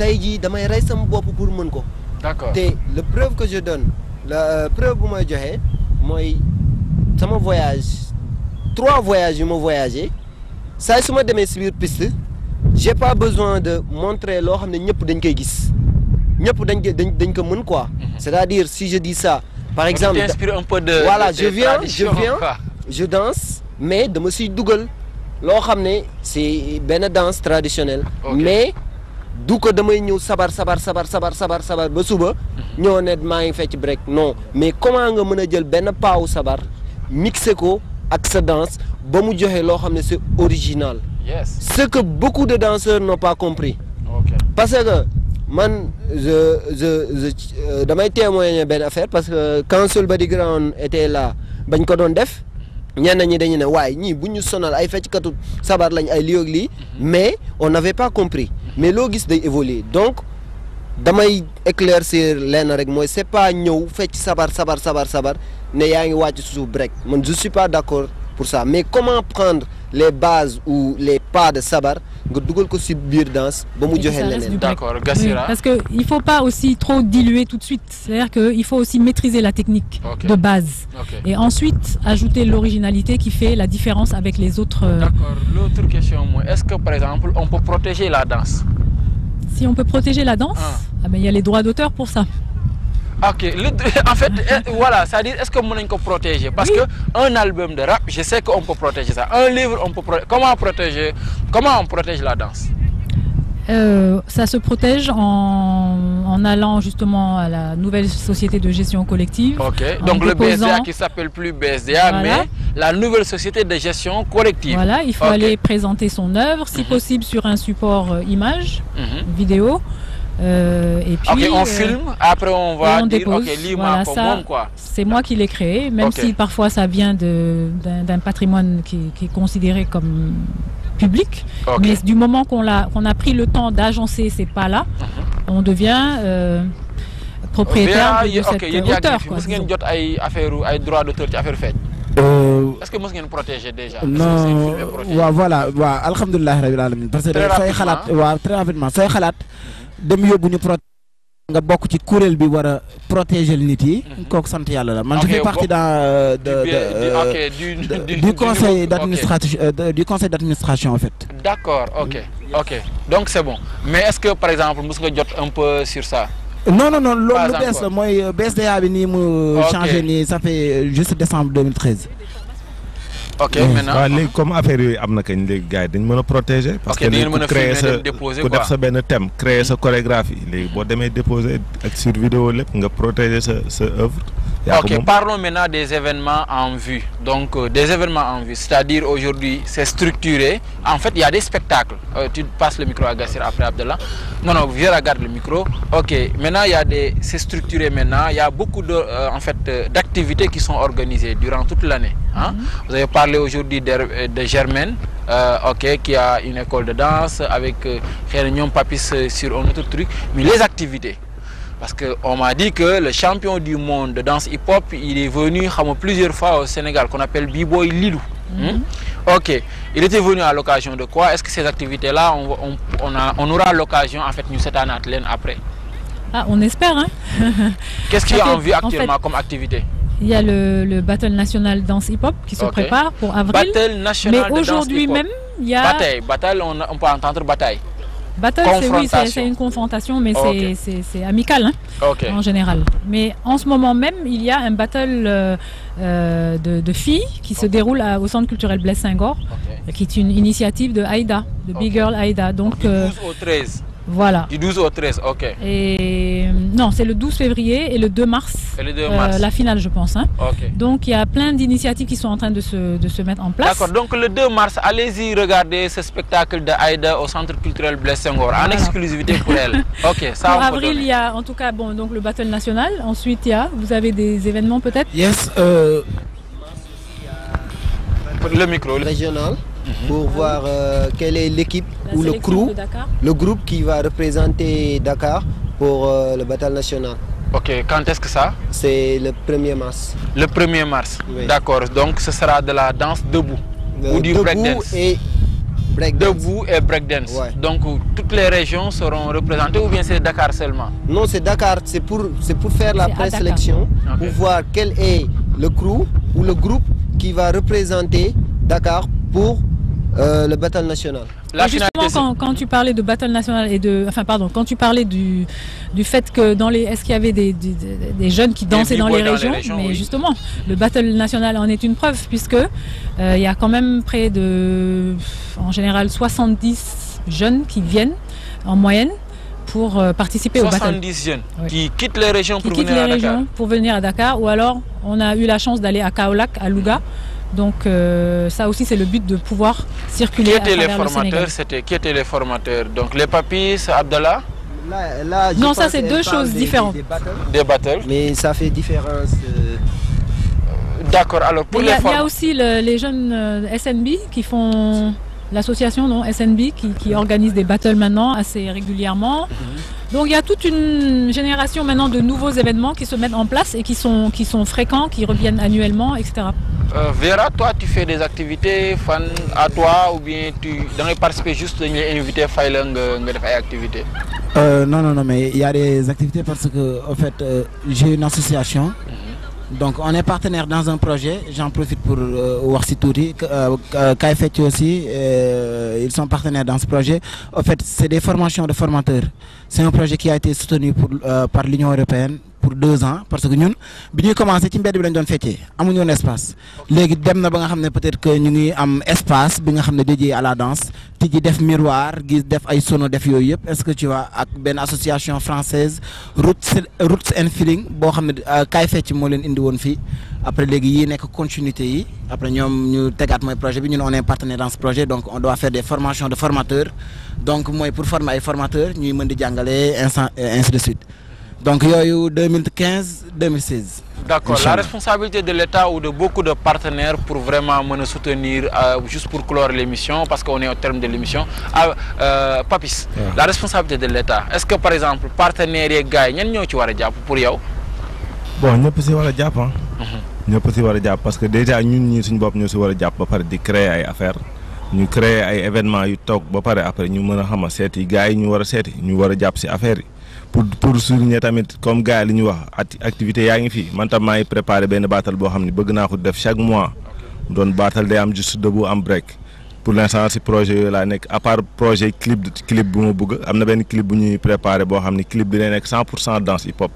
tey damay rey sama pour mon ko. d'accord Et le preuve que je donne la euh, preuve bu may joxe dans mon voyage trois voyages je voyagé Ça, su ma de mes piste j'ai pas besoin de montrer l'or xam ne ñëpp dañ koy gis ñëpp dañ dañ quoi. Mhm. c'est-à-dire si je dis ça. par exemple un peu de voilà je viens je viens je danse mais de monsieur suis loo c'est une danse traditionnelle mais du damay ñëw sabar sabar sabar sabar sabar sabar ba suba mhm. ñoo net ma ngi fecc break non mais comment nga mën a jël ben paw sabar mixé ko ak sa danse ba mu joxe lo xamné c'est original yes ce que beaucoup de danseurs n'ont pas compris okay. parce que man je je je euh, damay témoigner ben affaire parce que quand Sol Body Ground était là bagn ko don def ñen ñi dañu ne way ñi buñu sonal ay katut sabar lañ ay lii ak mhm. mais on n'avait pas compris mais lo gis day évoluer donc damay éclaircir lenn rek moy c'est pas nous, fecc sabar sabar sabar sabar ne yaangi faites wàcc break je suis pas d'accord pour ça mais comment prendre les bases ou les pas de sabar d'accord parce que il faut pas aussi trop diluer tout de suite c'est-à-dire qu'il il faut aussi maîtriser la technique de base et ensuite ajouter l'originalité qui fait la différence avec les autres euh, d'accord l'autre question est-ce que par exemple on peut protéger la danse si on peut protéger la danse ah. Ah ben, il y a les droits d'auteur pour ça ok en fait eh, voilà ça dit est-ce que peut protéger parce que un album de rap je sais qu'on peut protéger ça un livre on peut comment protéger comment on protège la danse euh, ça se protège en, allant justement à la nouvelle société de gestion collective. Ok, donc le BSDA qui s'appelle plus BSDA, mais la nouvelle société de gestion collective. Voilà, il faut aller présenter son œuvre, si mhm. possible sur un support euh, image, mhm. vidéo. Euh, et puis, okay, on euh, filme, après on va on dire, dépose. ok, voilà, pour ça, quoi. C'est moi qui l'ai créé, même si parfois ça vient d'un patrimoine qui, qui, est considéré comme public. Mais du moment qu'on a, qu a pris le temps d'agencer ces pas-là, mm -hmm. on devient euh, propriétaire de, cette hauteur. fait euh, est-ce que vous nous protéger déjà. non waaw voilà waaw alhamdulilah rabil alamin parce que. très rapidement say xalaat hein? très rapidement dem mieux pour nga ci protéger nit mhm. je fais partie euh, de du euh, conseil d'administration euh, du conseil d'administration en fait. d'accord ok ok donc c'est bon mais est-ce que par exemple vous nga un peu sur ça. non non non le baisse le BSDA changé ça fait juste décembre 2013. ok maintenant waaw léegi comme affaire yooyu am na kañ léegi gars yi dañ mën a protéger. parce que léegi ku créer sa ku def sa benn thème créer sa mhm. chorégraphie léegi boo demee déposer ak sur vidéo lépp nga protéger sa sa œuvre Ok, parlons maintenant des événements en vue. Donc, euh, des événements en vue, c'est-à-dire aujourd'hui, c'est structuré. En fait, il y a des spectacles. Euh, tu passes le micro à Gassir après Abdallah. Non, non, viens, regarde le micro. Ok, maintenant, il y a des... c'est structuré maintenant. Il y a beaucoup euh, en fait, d'activités qui sont organisées durant toute l'année. Hein. Mhm. Vous avez parlé aujourd'hui de, Germaine, qui a une école de danse avec Réunion Papis sur un autre truc. Mais les activités, parce qu'on m'a dit que le champion du monde de danse hip-hop, il est venu plusieurs fois au Sénégal, qu'on appelle B-Boy Lilou. Hmm? Mm-hmm. Ok, il était venu à l'occasion de quoi Est-ce que ces activités-là, on, aura l'occasion, en fait, nous, cette année, après ah, on espère. Hein? Qu'est-ce qu'il y a en vue actuellement comme activité Il y a le, Battle National Danse Hip Hop qui se prépare pour avril. Battle National Mais aujourd'hui même, il y a. Bataille, on peut entendre bataille. Battle, c'est oui, c'est une confrontation, mais c'est amical hein, en général. Mais en ce moment même, il y a un battle euh, euh, de, filles qui se déroule au Centre culturel Blaise qui est une initiative de Aïda, de Big Girl Aïda. Donc, 12 euh, au 13 du 12 au 13, ok. Et euh, non, c'est le 12 février et le 2 mars. Et le 2 euh, mars. la finale, je pense. Hein. Donc il y a plein d'initiatives qui sont en train de se, mettre en place. D'accord. Donc le 2 mars, allez-y regarder ce spectacle de au Centre culturel Blessingor, en exclusivité pour elle. ok. Pour avril, il y a en tout cas bon donc le Battle national. Ensuite, il vous avez des événements peut-être. Yes. Euh, le micro. Le... Régional. Mhm. pour ah voir euh, quelle est l'équipe ou le crew, le groupe qui va représenter Dakar pour euh, le Battle National. Ok, quand est-ce que ça C'est le 1er mars. Le 1er mars, d'accord. Donc ce sera de la danse debout euh, ou du breakdance break dance. Debout et breakdance. Donc toutes les régions seront représentées ou bien c'est Dakar seulement Non, c'est Dakar, c'est pour, pour faire la présélection, pour voir quel est le crew ou le groupe qui va représenter Dakar pour euh, le Battle National. justement, quand, tu parlais de Battle National et de, enfin pardon, quand tu parlais du, du fait que dans les, est-ce qu'il y avait des, jeunes qui dansaient dans les, régions, mais justement, le Battle National en est une preuve puisque euh, il y a quand même près de, en général, 70 jeunes qui viennent en moyenne pour euh, participer au battle. 70 jeunes qui quittent les régions, pour, venir à Dakar. ou alors on a eu la chance d'aller à Kaolak, à Louga. Donc euh, ça aussi, c'est le but de pouvoir circuler. Qui étaient les formateurs C'était qui étaient les formateurs Donc les papis, Abdallah. non, ça c'est deux choses différentes. Des battles. Mais ça fait différence. Euh. D'accord. Alors pour les Il y, a aussi les jeunes euh, SNB qui font l'association SNB qui, organise des battles maintenant assez régulièrement. Donc il y a toute une génération maintenant de nouveaux événements qui se mettent en place et qui sont, qui sont fréquents, qui reviennent annuellement, etc. Euh, Vera, toi tu fais des activités fan à toi ou bien tu dans participer juste les invités faire des activités euh, Non non non mais il y a des activités parce que en fait euh, j'ai une association. Mhm donc on est partenaire dans un projet j'en profite pour voir euh, si euh, euh, aussi ils sont partenaires dans ce projet en fait c'est des formations de formateurs c'est un projet qui a été soutenu pour, par l'Union européenne pour deux ans parce que nous, nous commencé à faire des lañ doon avons amuñu espace Nous avons ba nga peut-être que nous avons am espace dédié à la danse tijji def miroir gi def ay sono def est-ce que tu vois ak association française roots roots and feeling qui a fait des fêtes de après nous avons une continuité après nous, ñu projet Nous on est partenaire dans ce projet donc on doit faire des formations de formateurs donc moi pour former les formateurs ñuy mën di et euh, ainsi de suite donc il y a eu 2015 2016. D'accord. la responsabilité de l'État ou de beaucoup de partenaires pour vraiment me soutenir euh, juste pour clore l'émission, parce qu'on est au terme de l'émission. Ah, euh, Papis. la responsabilité de l'État, est ce que par exemple partenaires et gars yi ñenn ci war pour yow. bon ñëpp si war a jàpp Ils ah. mhm. ñëpp si war a parce que déjà nous, nous suñu bopp ñoo pour créer ay affaires. Nous créer des événements yu toog après Nous mën a xam gars yi ñu pour pour souligner tamit comme gars li wax activité yaa ngi fi man tam maa ngi préparé benn baatal boo xam ne bëgg naa ko def chaque mois doon day am juste debout am break pour l'instant si projet yooyu laa à part projet clip clip bu mo bëgg amna ben clip bu ñuy préparer bo xamni clip bi day nekk 100 pour danse hip hop.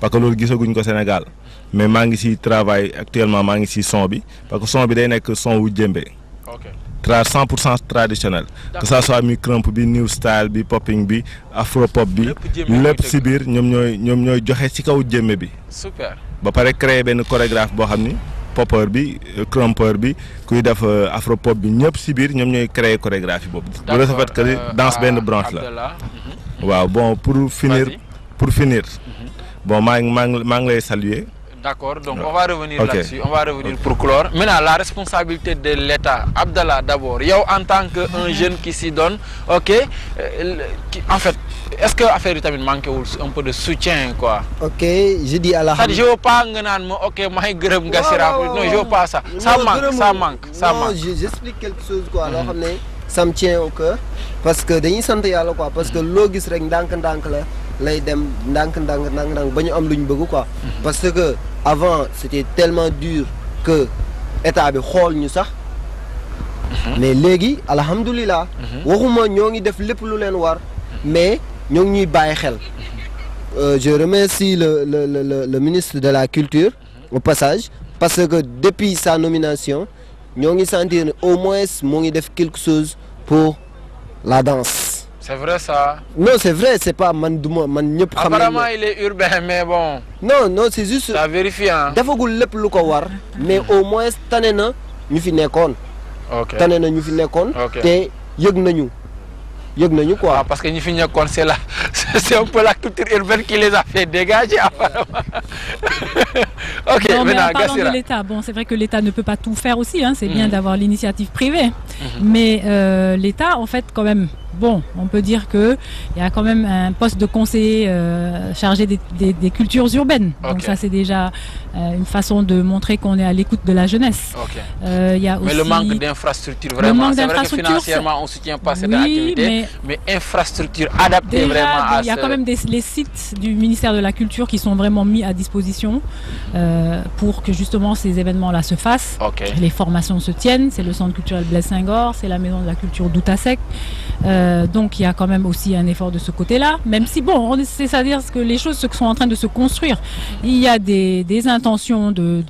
parce que loolu gissaguñ ko Sénégal mais maa ngi travail actuellement maa ngi si son bi parce que son bi day nek son wu jëmbe tra 100% traditionnel que ça soit mi crump bi new style bi popping bi afro pop bi lépp si biir ñoom ñooy ñoom ñooy joxe kaw jëmme bi super ba paré créer ben chorégraphe bo xamni popper bi crumper bi kuy def euh, afro pop bi ñëpp si biir ñoom créer chorégraphie bob. bu ça fait que euh, danse ben branche la waaw bon pour finir pour finir mhm. bon maa ngi maa lay saluer D'accord, donc on va revenir là-dessus, on va revenir okay. pour clore. Maintenant, la responsabilité de l'État, Abdallah d'abord, Yo, en tant qu'un mm-hmm. jeune qui s'y donne, ok, euh, en fait, est-ce que l'affaire vitamine manque un peu de soutien quoi Ok, je dis à la Je veux pas ok, je veux Non, je veux pas ça. Ça manque, ça manque, ça manque. J'explique quelque chose quoi. Alors, mm-hmm. ça me tient au cœur parce que dañuy sant yàlla quoi parce que mm-hmm. loo gis rek ndànk-ndànk la lay dem dank dank ndànk-ndànk bañu am lu bëgg quoi parce que avant c'était tellement dur que état bi xol ñu sax mhm. mais y alhamdoulillah mhm. waxuma ñoo def lepp lu len war mhm. mais ñoo ngi ñuy euh, je remercie le ministre de la culture au passage parce que depuis sa nomination ñoo sentir au moins mo ngi def quelque chose pour la danse c'est vrai ça Non, c'est vrai, c'est pas man Apparemment, il est urbain, mais bon. Non, non, c'est juste. Ça vérifie, hein. faut que lu ko mais au moins tanena na ñu fi finissons. OK. Tané ñu fi té quoi. Ah, parce que nous fi c'est là c'est un peu la culture urbaine qui les a fait dégager apparemment. OK, mais maintenant, en de l'État, bon, c'est vrai que l'État ne peut pas tout faire aussi hein. c'est bien hmm. d'avoir l'initiative privée. Mhm. Mais euh, l'État en fait quand même bon, on peut dire qu'il y a quand même un poste de conseiller euh, chargé des, cultures urbaines. Donc ça, c'est déjà euh, une façon de montrer qu'on est à l'écoute de la jeunesse. Euh, mais le manque d'infrastructures, vraiment. C'est vrai financièrement, on ne soutient pas ces oui, mais, infrastructures adaptées vraiment à Il y a quand même les sites du ministère de la Culture qui sont vraiment mis à disposition pour que justement ces événements-là se fassent. Les formations se tiennent. C'est le Centre culturel Blaise singor c'est la Maison de la Culture d'Outasek. Euh, donc il y a quand même aussi un effort de ce côté-là, même si bon, c'est-à-dire que les choses sont en train de se construire. Il y a des, intentions de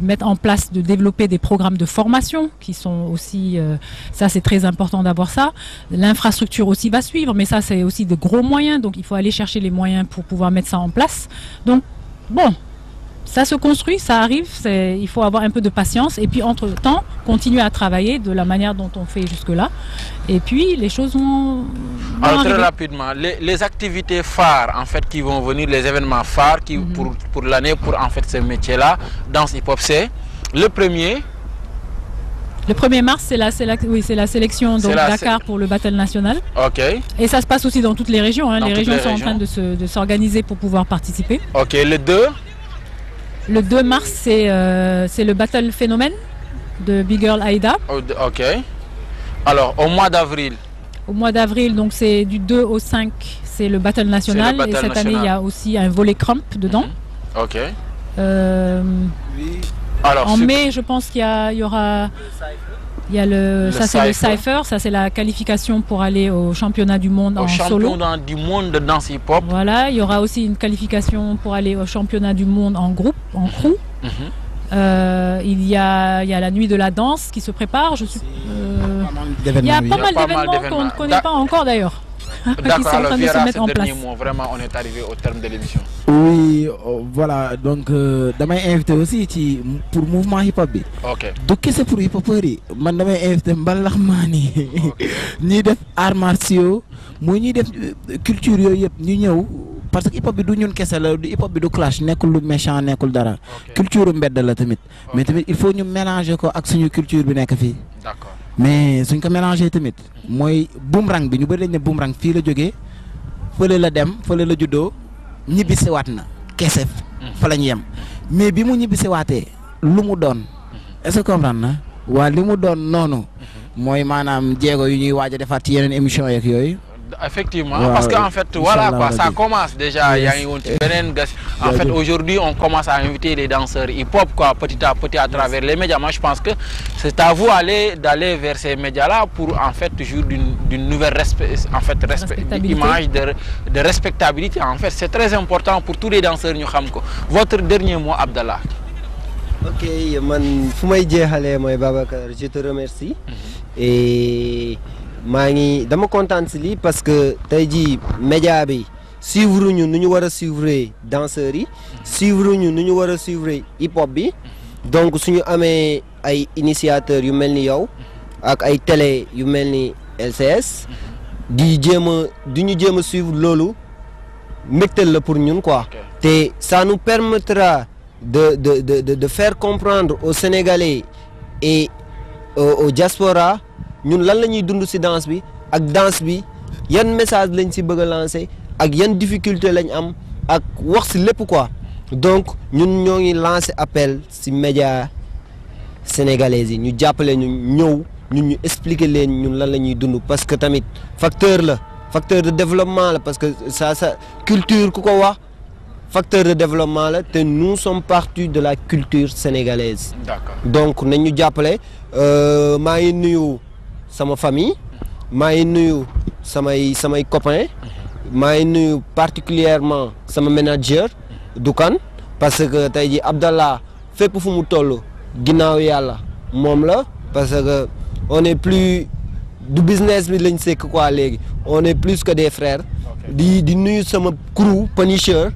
mettre en place, de développer des programmes de formation qui sont aussi, euh, ça c'est très important d'avoir ça. L'infrastructure aussi va suivre, mais ça c'est aussi de gros moyens, donc il faut aller chercher les moyens pour pouvoir mettre ça en place. Donc bon, ça se construit, ça arrive, il faut avoir un peu de patience et puis entre-temps, continuer à travailler de la manière dont on fait jusque-là. Et puis les choses vont... Alors très rapidement, les, activités phares en fait qui vont venir, les événements phares qui, mhm. pour, pour l'année, pour en fait ce métier-là, dans hip-hop, c'est le premier... Le 1er mars, c'est la, la sélection de Dakar pour le Battle National. Ok. Et ça se passe aussi dans toutes les régions. Hein. les régions sont en train de s'organiser pour pouvoir participer. Ok, le deux. Le 2 mars, euh, c'est le Battle Phénomène de Big Girl Aida. Oh, ok. Alors, au mois d'avril Au mois d'avril, donc c'est du 2 au 5, c'est le Battle National. et cette année, il y a aussi un volet cramp dedans. Mhm. Ok. Euh, Alors, en mai, je pense qu'il y, y, aura il y a le, ça c'est le cipher, ça c'est la qualification pour aller au championnat du monde en solo. championnat du monde de danse hip hop. Voilà, il y aura aussi une qualification pour aller au championnat du monde en groupe, en crew. Mhm. Euh, il, y a, il y a la nuit de la danse qui se prépare. Euh, il y a pas mal d'événements qu'on ne connaît pas encore d'ailleurs. D'accord, alors Viera, en dernier mot, vraiment, on est arrivé au terme de l'émission. Oui, euh, voilà, donc, euh, invité aussi pour le mouvement hip-hop bi. Ok. ce que pour hip hop yi, man damay invité mbalax nous ñuy def arts martiaux, nous ñuy def euh, culture nous yëpp ñu parce que hip hop bi du ñun kese la hip hop bi du clash nekkul méchant pas dara culture mbedd la tamit mais il faut ñu mélanger ko ak suñu culture bi nekk d'accord mais suñ ko mélangé tamit mooy boomerang bi ñu bëri dañ ne rang fii la jógee fële la dem fële la juddoo waat na keesef fa la yem mais bi mu ñibbisiwaatee lu mu doon est-ce que comprendre na waa li mu doon noonu mooy maanaam jéego yu ñuy waaj a defaat ci yeneen émission yeeg yooyu effectivement parce qu'en fait voilà quoi ça commence déjà en fait aujourd'hui on commence à inviter les danseurs hip-hop quoi petit à petit à travers les médias moi je pense que c'est à vous d'aller vers ces médias là pour en fait toujours d'une nouvelle respect en fait respect image de respectabilité en fait c'est très important pour tous les danseurs votre dernier mot Abdallah ok je te remercie mhm. et maa ngi dama kontaan parce que tey jii média bi suivre ñu nu ñu suivre danseurs suivre ñu nu ñu suivre hip hop bi donc suñu amee ay initiateurs yu mel ni yow ak ay télé yu LCS di jéem di ñu suivre loolu mettre la pour ñun quoi et ça nous permettra de de de de faire comprendre aux Sénégalais et aux diaspora ñun lan lañuy dund ci danse bi ak danse bi yan message lañ ci bëgg a lancer ak yan difficulté lañ am ak wax ci lépp quoi donc ñun ñoo ngi lancer appel ci média sénégalais yi ñu jàppale ñu ñëw ñun ñu expliquer leen ñun lan lañuy dund parce que tamit facteur la facteur de développement la parce que ça ça culture ku ko wax facteur de développement la te nous sommes partis de la culture sénégalaise. D'accord. donc nous ñu euh maa ngi nuyu sama famille maa ngi nuyu sama samay copains maa nuyu particulièrement sama manager Dukan parce que tey dit Abdallah fépp pour mu toll ginnaaw yàlla parce que on est plus du business bi lañ sekk quoi on est plus que des frères di di nuyu sama crew Punisher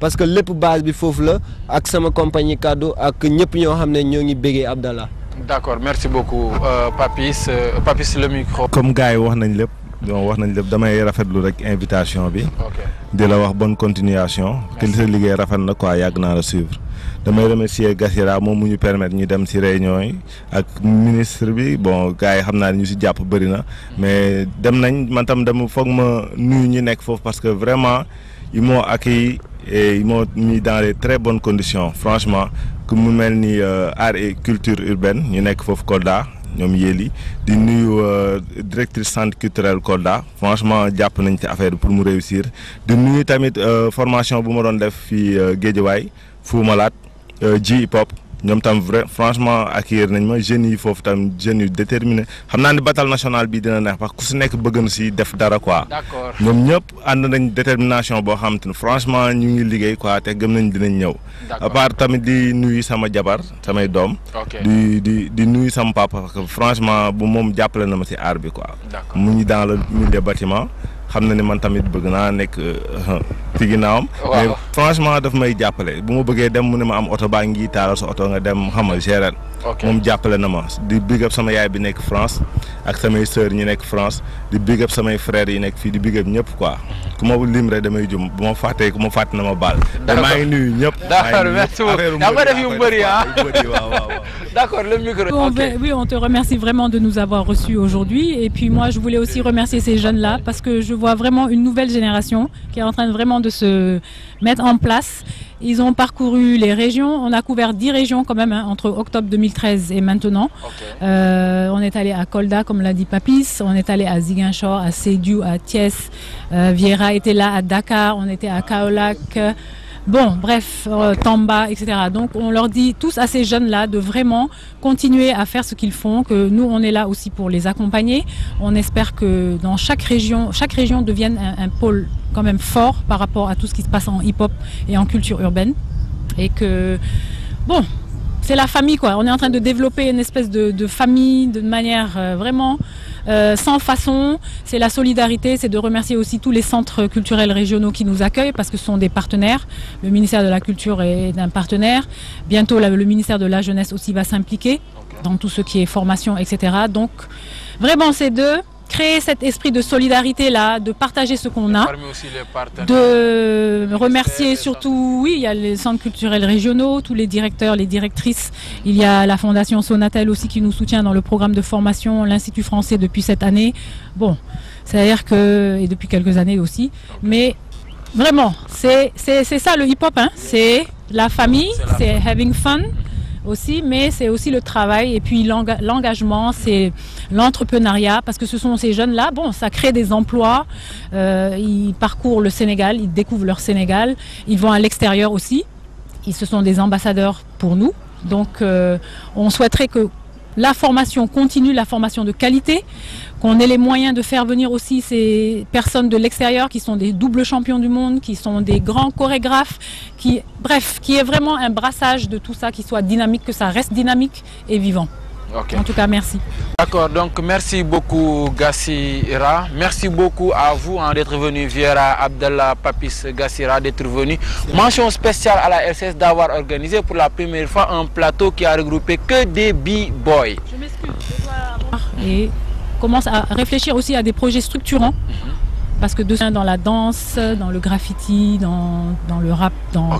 parce que lépp base bi foofu la ak sama compagnie cadeau, ak ñëpp ñoo xam ne ñoo Abdallah d'accord merci beaucoup euh, Papis euh, Papis le micro. comme gars yi wax nañ lépp donc wax nañ lépp damay rafetlu rek invitation bi. di la wax bonne continuation. te li sa liggéey rafet na quoi yàgg naa la suivre. damay remercier Gassira moom mu ñu permettre ñu dem ci réunion yi ak ministre bi bon gars yi xam naa ne ñu ci jàpp bëri mais dem nañ man tam dama foog ma nuyu ñi nekk foofu parce que vraiment ils m'ont accueilli et ils m'ont mis dans les très bonnes conditions franchement comme nous mel euh, art et culture urbaine ñu nekk foofu Kolda ñoom yéeli di nuyu euh, directrice centre culturel Kolda franchement jàpp nañ ci affaire pour nous réussir nous nuyu tamit euh, formation bu ma doon def fii Géejawaay Fou Malade ji hip hop ñoom tam vrai franchement accueillir nañ ma jeunes yi foofu tam jeunes yu déterminé xam naa ne batal national bi dina neex parce ku si nekk bëgg na si def dara quoi. d'accord ñoom ñëpp ànd nañ détermination boo xam te ne franchement ñu ngi liggéey quoi te gëm nañ dinañ ñëw. à tamit di nuyu sama jabar samay doom. di di di nuyu sama papa parce que franchement bu moom jàppale na ma si aar bi quoi. mu ñu dans le batiment xam na ne man tamit bëgg naa nekk euh, ci ginnaawam. mais franchement daf may jàppale bu ma bëggee dem mu ne ma am oto baa ngi taalal oto nga dem xamal gérer. moom jàppale na ma di big up sama yaay bi nekk France ak samay sœurs ñi nekk France di big samay frères yi nekk fii di big up ñëpp quoi ku ma lim damay jum bu ma fàttee ku ma fàtte na ma baal. maa nuyu ñëpp. maa ngi yu bëri yu D'accord, le micro. Ben, oui, on te remercie vraiment de nous avoir reçus aujourd'hui. Et puis moi, je voulais aussi remercier ces jeunes-là parce que je vois vraiment une nouvelle génération qui est en train vraiment de se mettre en place. Ils ont parcouru les régions. On a couvert 10 régions quand même hein, entre octobre 2013 et maintenant. Euh, on est allé à Kolda, comme l'a dit Papis. On est allé à Ziguinchor, à Sédiou, à Thiès. Euh, Viera était là à Dakar. On était à Kaolac. Bon, bref, euh, Tamba, etc. Donc on leur dit tous à ces jeunes-là de vraiment continuer à faire ce qu'ils font, que nous on est là aussi pour les accompagner. On espère que dans chaque région, chaque région devienne un, pôle quand même fort par rapport à tout ce qui se passe en hip-hop et en culture urbaine. Et que, bon, c'est la famille quoi. On est en train de développer une espèce de, famille de manière euh, vraiment... Euh, sans façon. C'est la solidarité, c'est de remercier aussi tous les centres culturels régionaux qui nous accueillent parce que ce sont des partenaires. Le ministère de la Culture est un partenaire. Bientôt, le ministère de la Jeunesse aussi va s'impliquer dans tout ce qui est formation, etc. Donc, vraiment, c'est deux créer cet esprit de solidarité-là, de partager ce qu'on a, de remercier surtout, oui, il y a les centres culturels régionaux, tous les directeurs, les directrices, il y a la Fondation Sonatel aussi qui nous soutient dans le programme de formation, l'Institut français depuis cette année, bon, c'est-à-dire que, et depuis quelques années aussi, mais vraiment, c'est ça le hip-hop, hein. c'est la famille, c'est having fun aussi, mais c'est aussi le travail et puis l'engagement, c'est l'entrepreneuriat, parce que ce sont ces jeunes-là, bon, ça crée des emplois, euh, ils parcourent le Sénégal, ils découvrent leur Sénégal, ils vont à l'extérieur aussi, ils se sont des ambassadeurs pour nous. Donc euh, on souhaiterait que la formation continue, la formation de qualité, qu'on ait les moyens de faire venir aussi ces personnes de l'extérieur qui sont des doubles champions du monde, qui sont des grands chorégraphes, qui, bref, qui est vraiment un brassage de tout ça, qui soit dynamique, que ça reste dynamique et vivant. En tout cas, merci. D'accord, donc merci beaucoup Gassira. Merci beaucoup à vous hein, d'être venu, Viera Abdallah Papis Gassira, d'être venu. Mention spéciale à la RCS d'avoir organisé pour la première fois un plateau qui a regroupé que des b-boys. Je m'excuse, je dois Et commence à réfléchir aussi à des projets structurants. Mhm. Parce que de dans la danse, dans le graffiti, dans, le rap, dans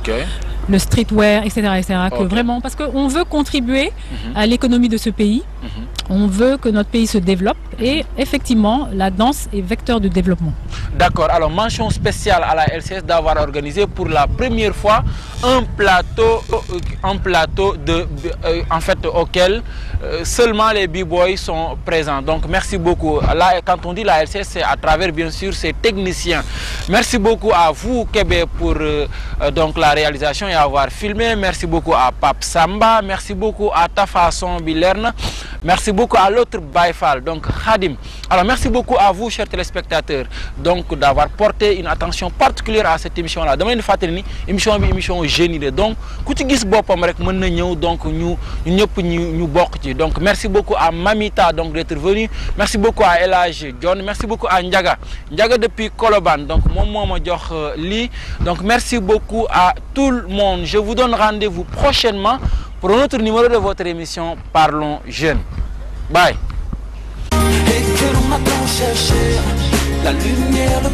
le streetwear, etc. etc. vraiment, parce qu'on veut contribuer mhm. à l'économie de ce pays. Mhm. On veut que notre pays se développe. Et effectivement, la danse est vecteur de développement. D'accord. Alors, mention spéciale à la LCS d'avoir organisé pour la première fois un plateau, euh, plateau de, euh, en fait, auquel euh, seulement les b-boys sont présents. Donc, merci beaucoup. quand on dit la LCS, c'est à travers, bien sûr, ces techniciens. Merci beaucoup à vous, Québec, pour donc, la réalisation et avoir filmé. Merci beaucoup à Pape Samba. Merci beaucoup à Tafason Bilerne. Merci beaucoup à l'autre Baifal. Donc, Alors merci beaucoup à vous, chers téléspectateurs, donc d'avoir porté une attention particulière à cette émission-là. Demain, émission, émission génie. Donc, donc nous nous Donc, merci beaucoup à Mamita donc d'être venu. Merci beaucoup à Elage John. Merci beaucoup à Ndiaga. Ndiaga depuis Koloban. Donc, mon euh, Li. Donc, merci beaucoup à tout le monde. Je vous donne rendez-vous prochainement pour un autre numéro de votre émission Parlons Jeunes. Bye m'a tant la lumière.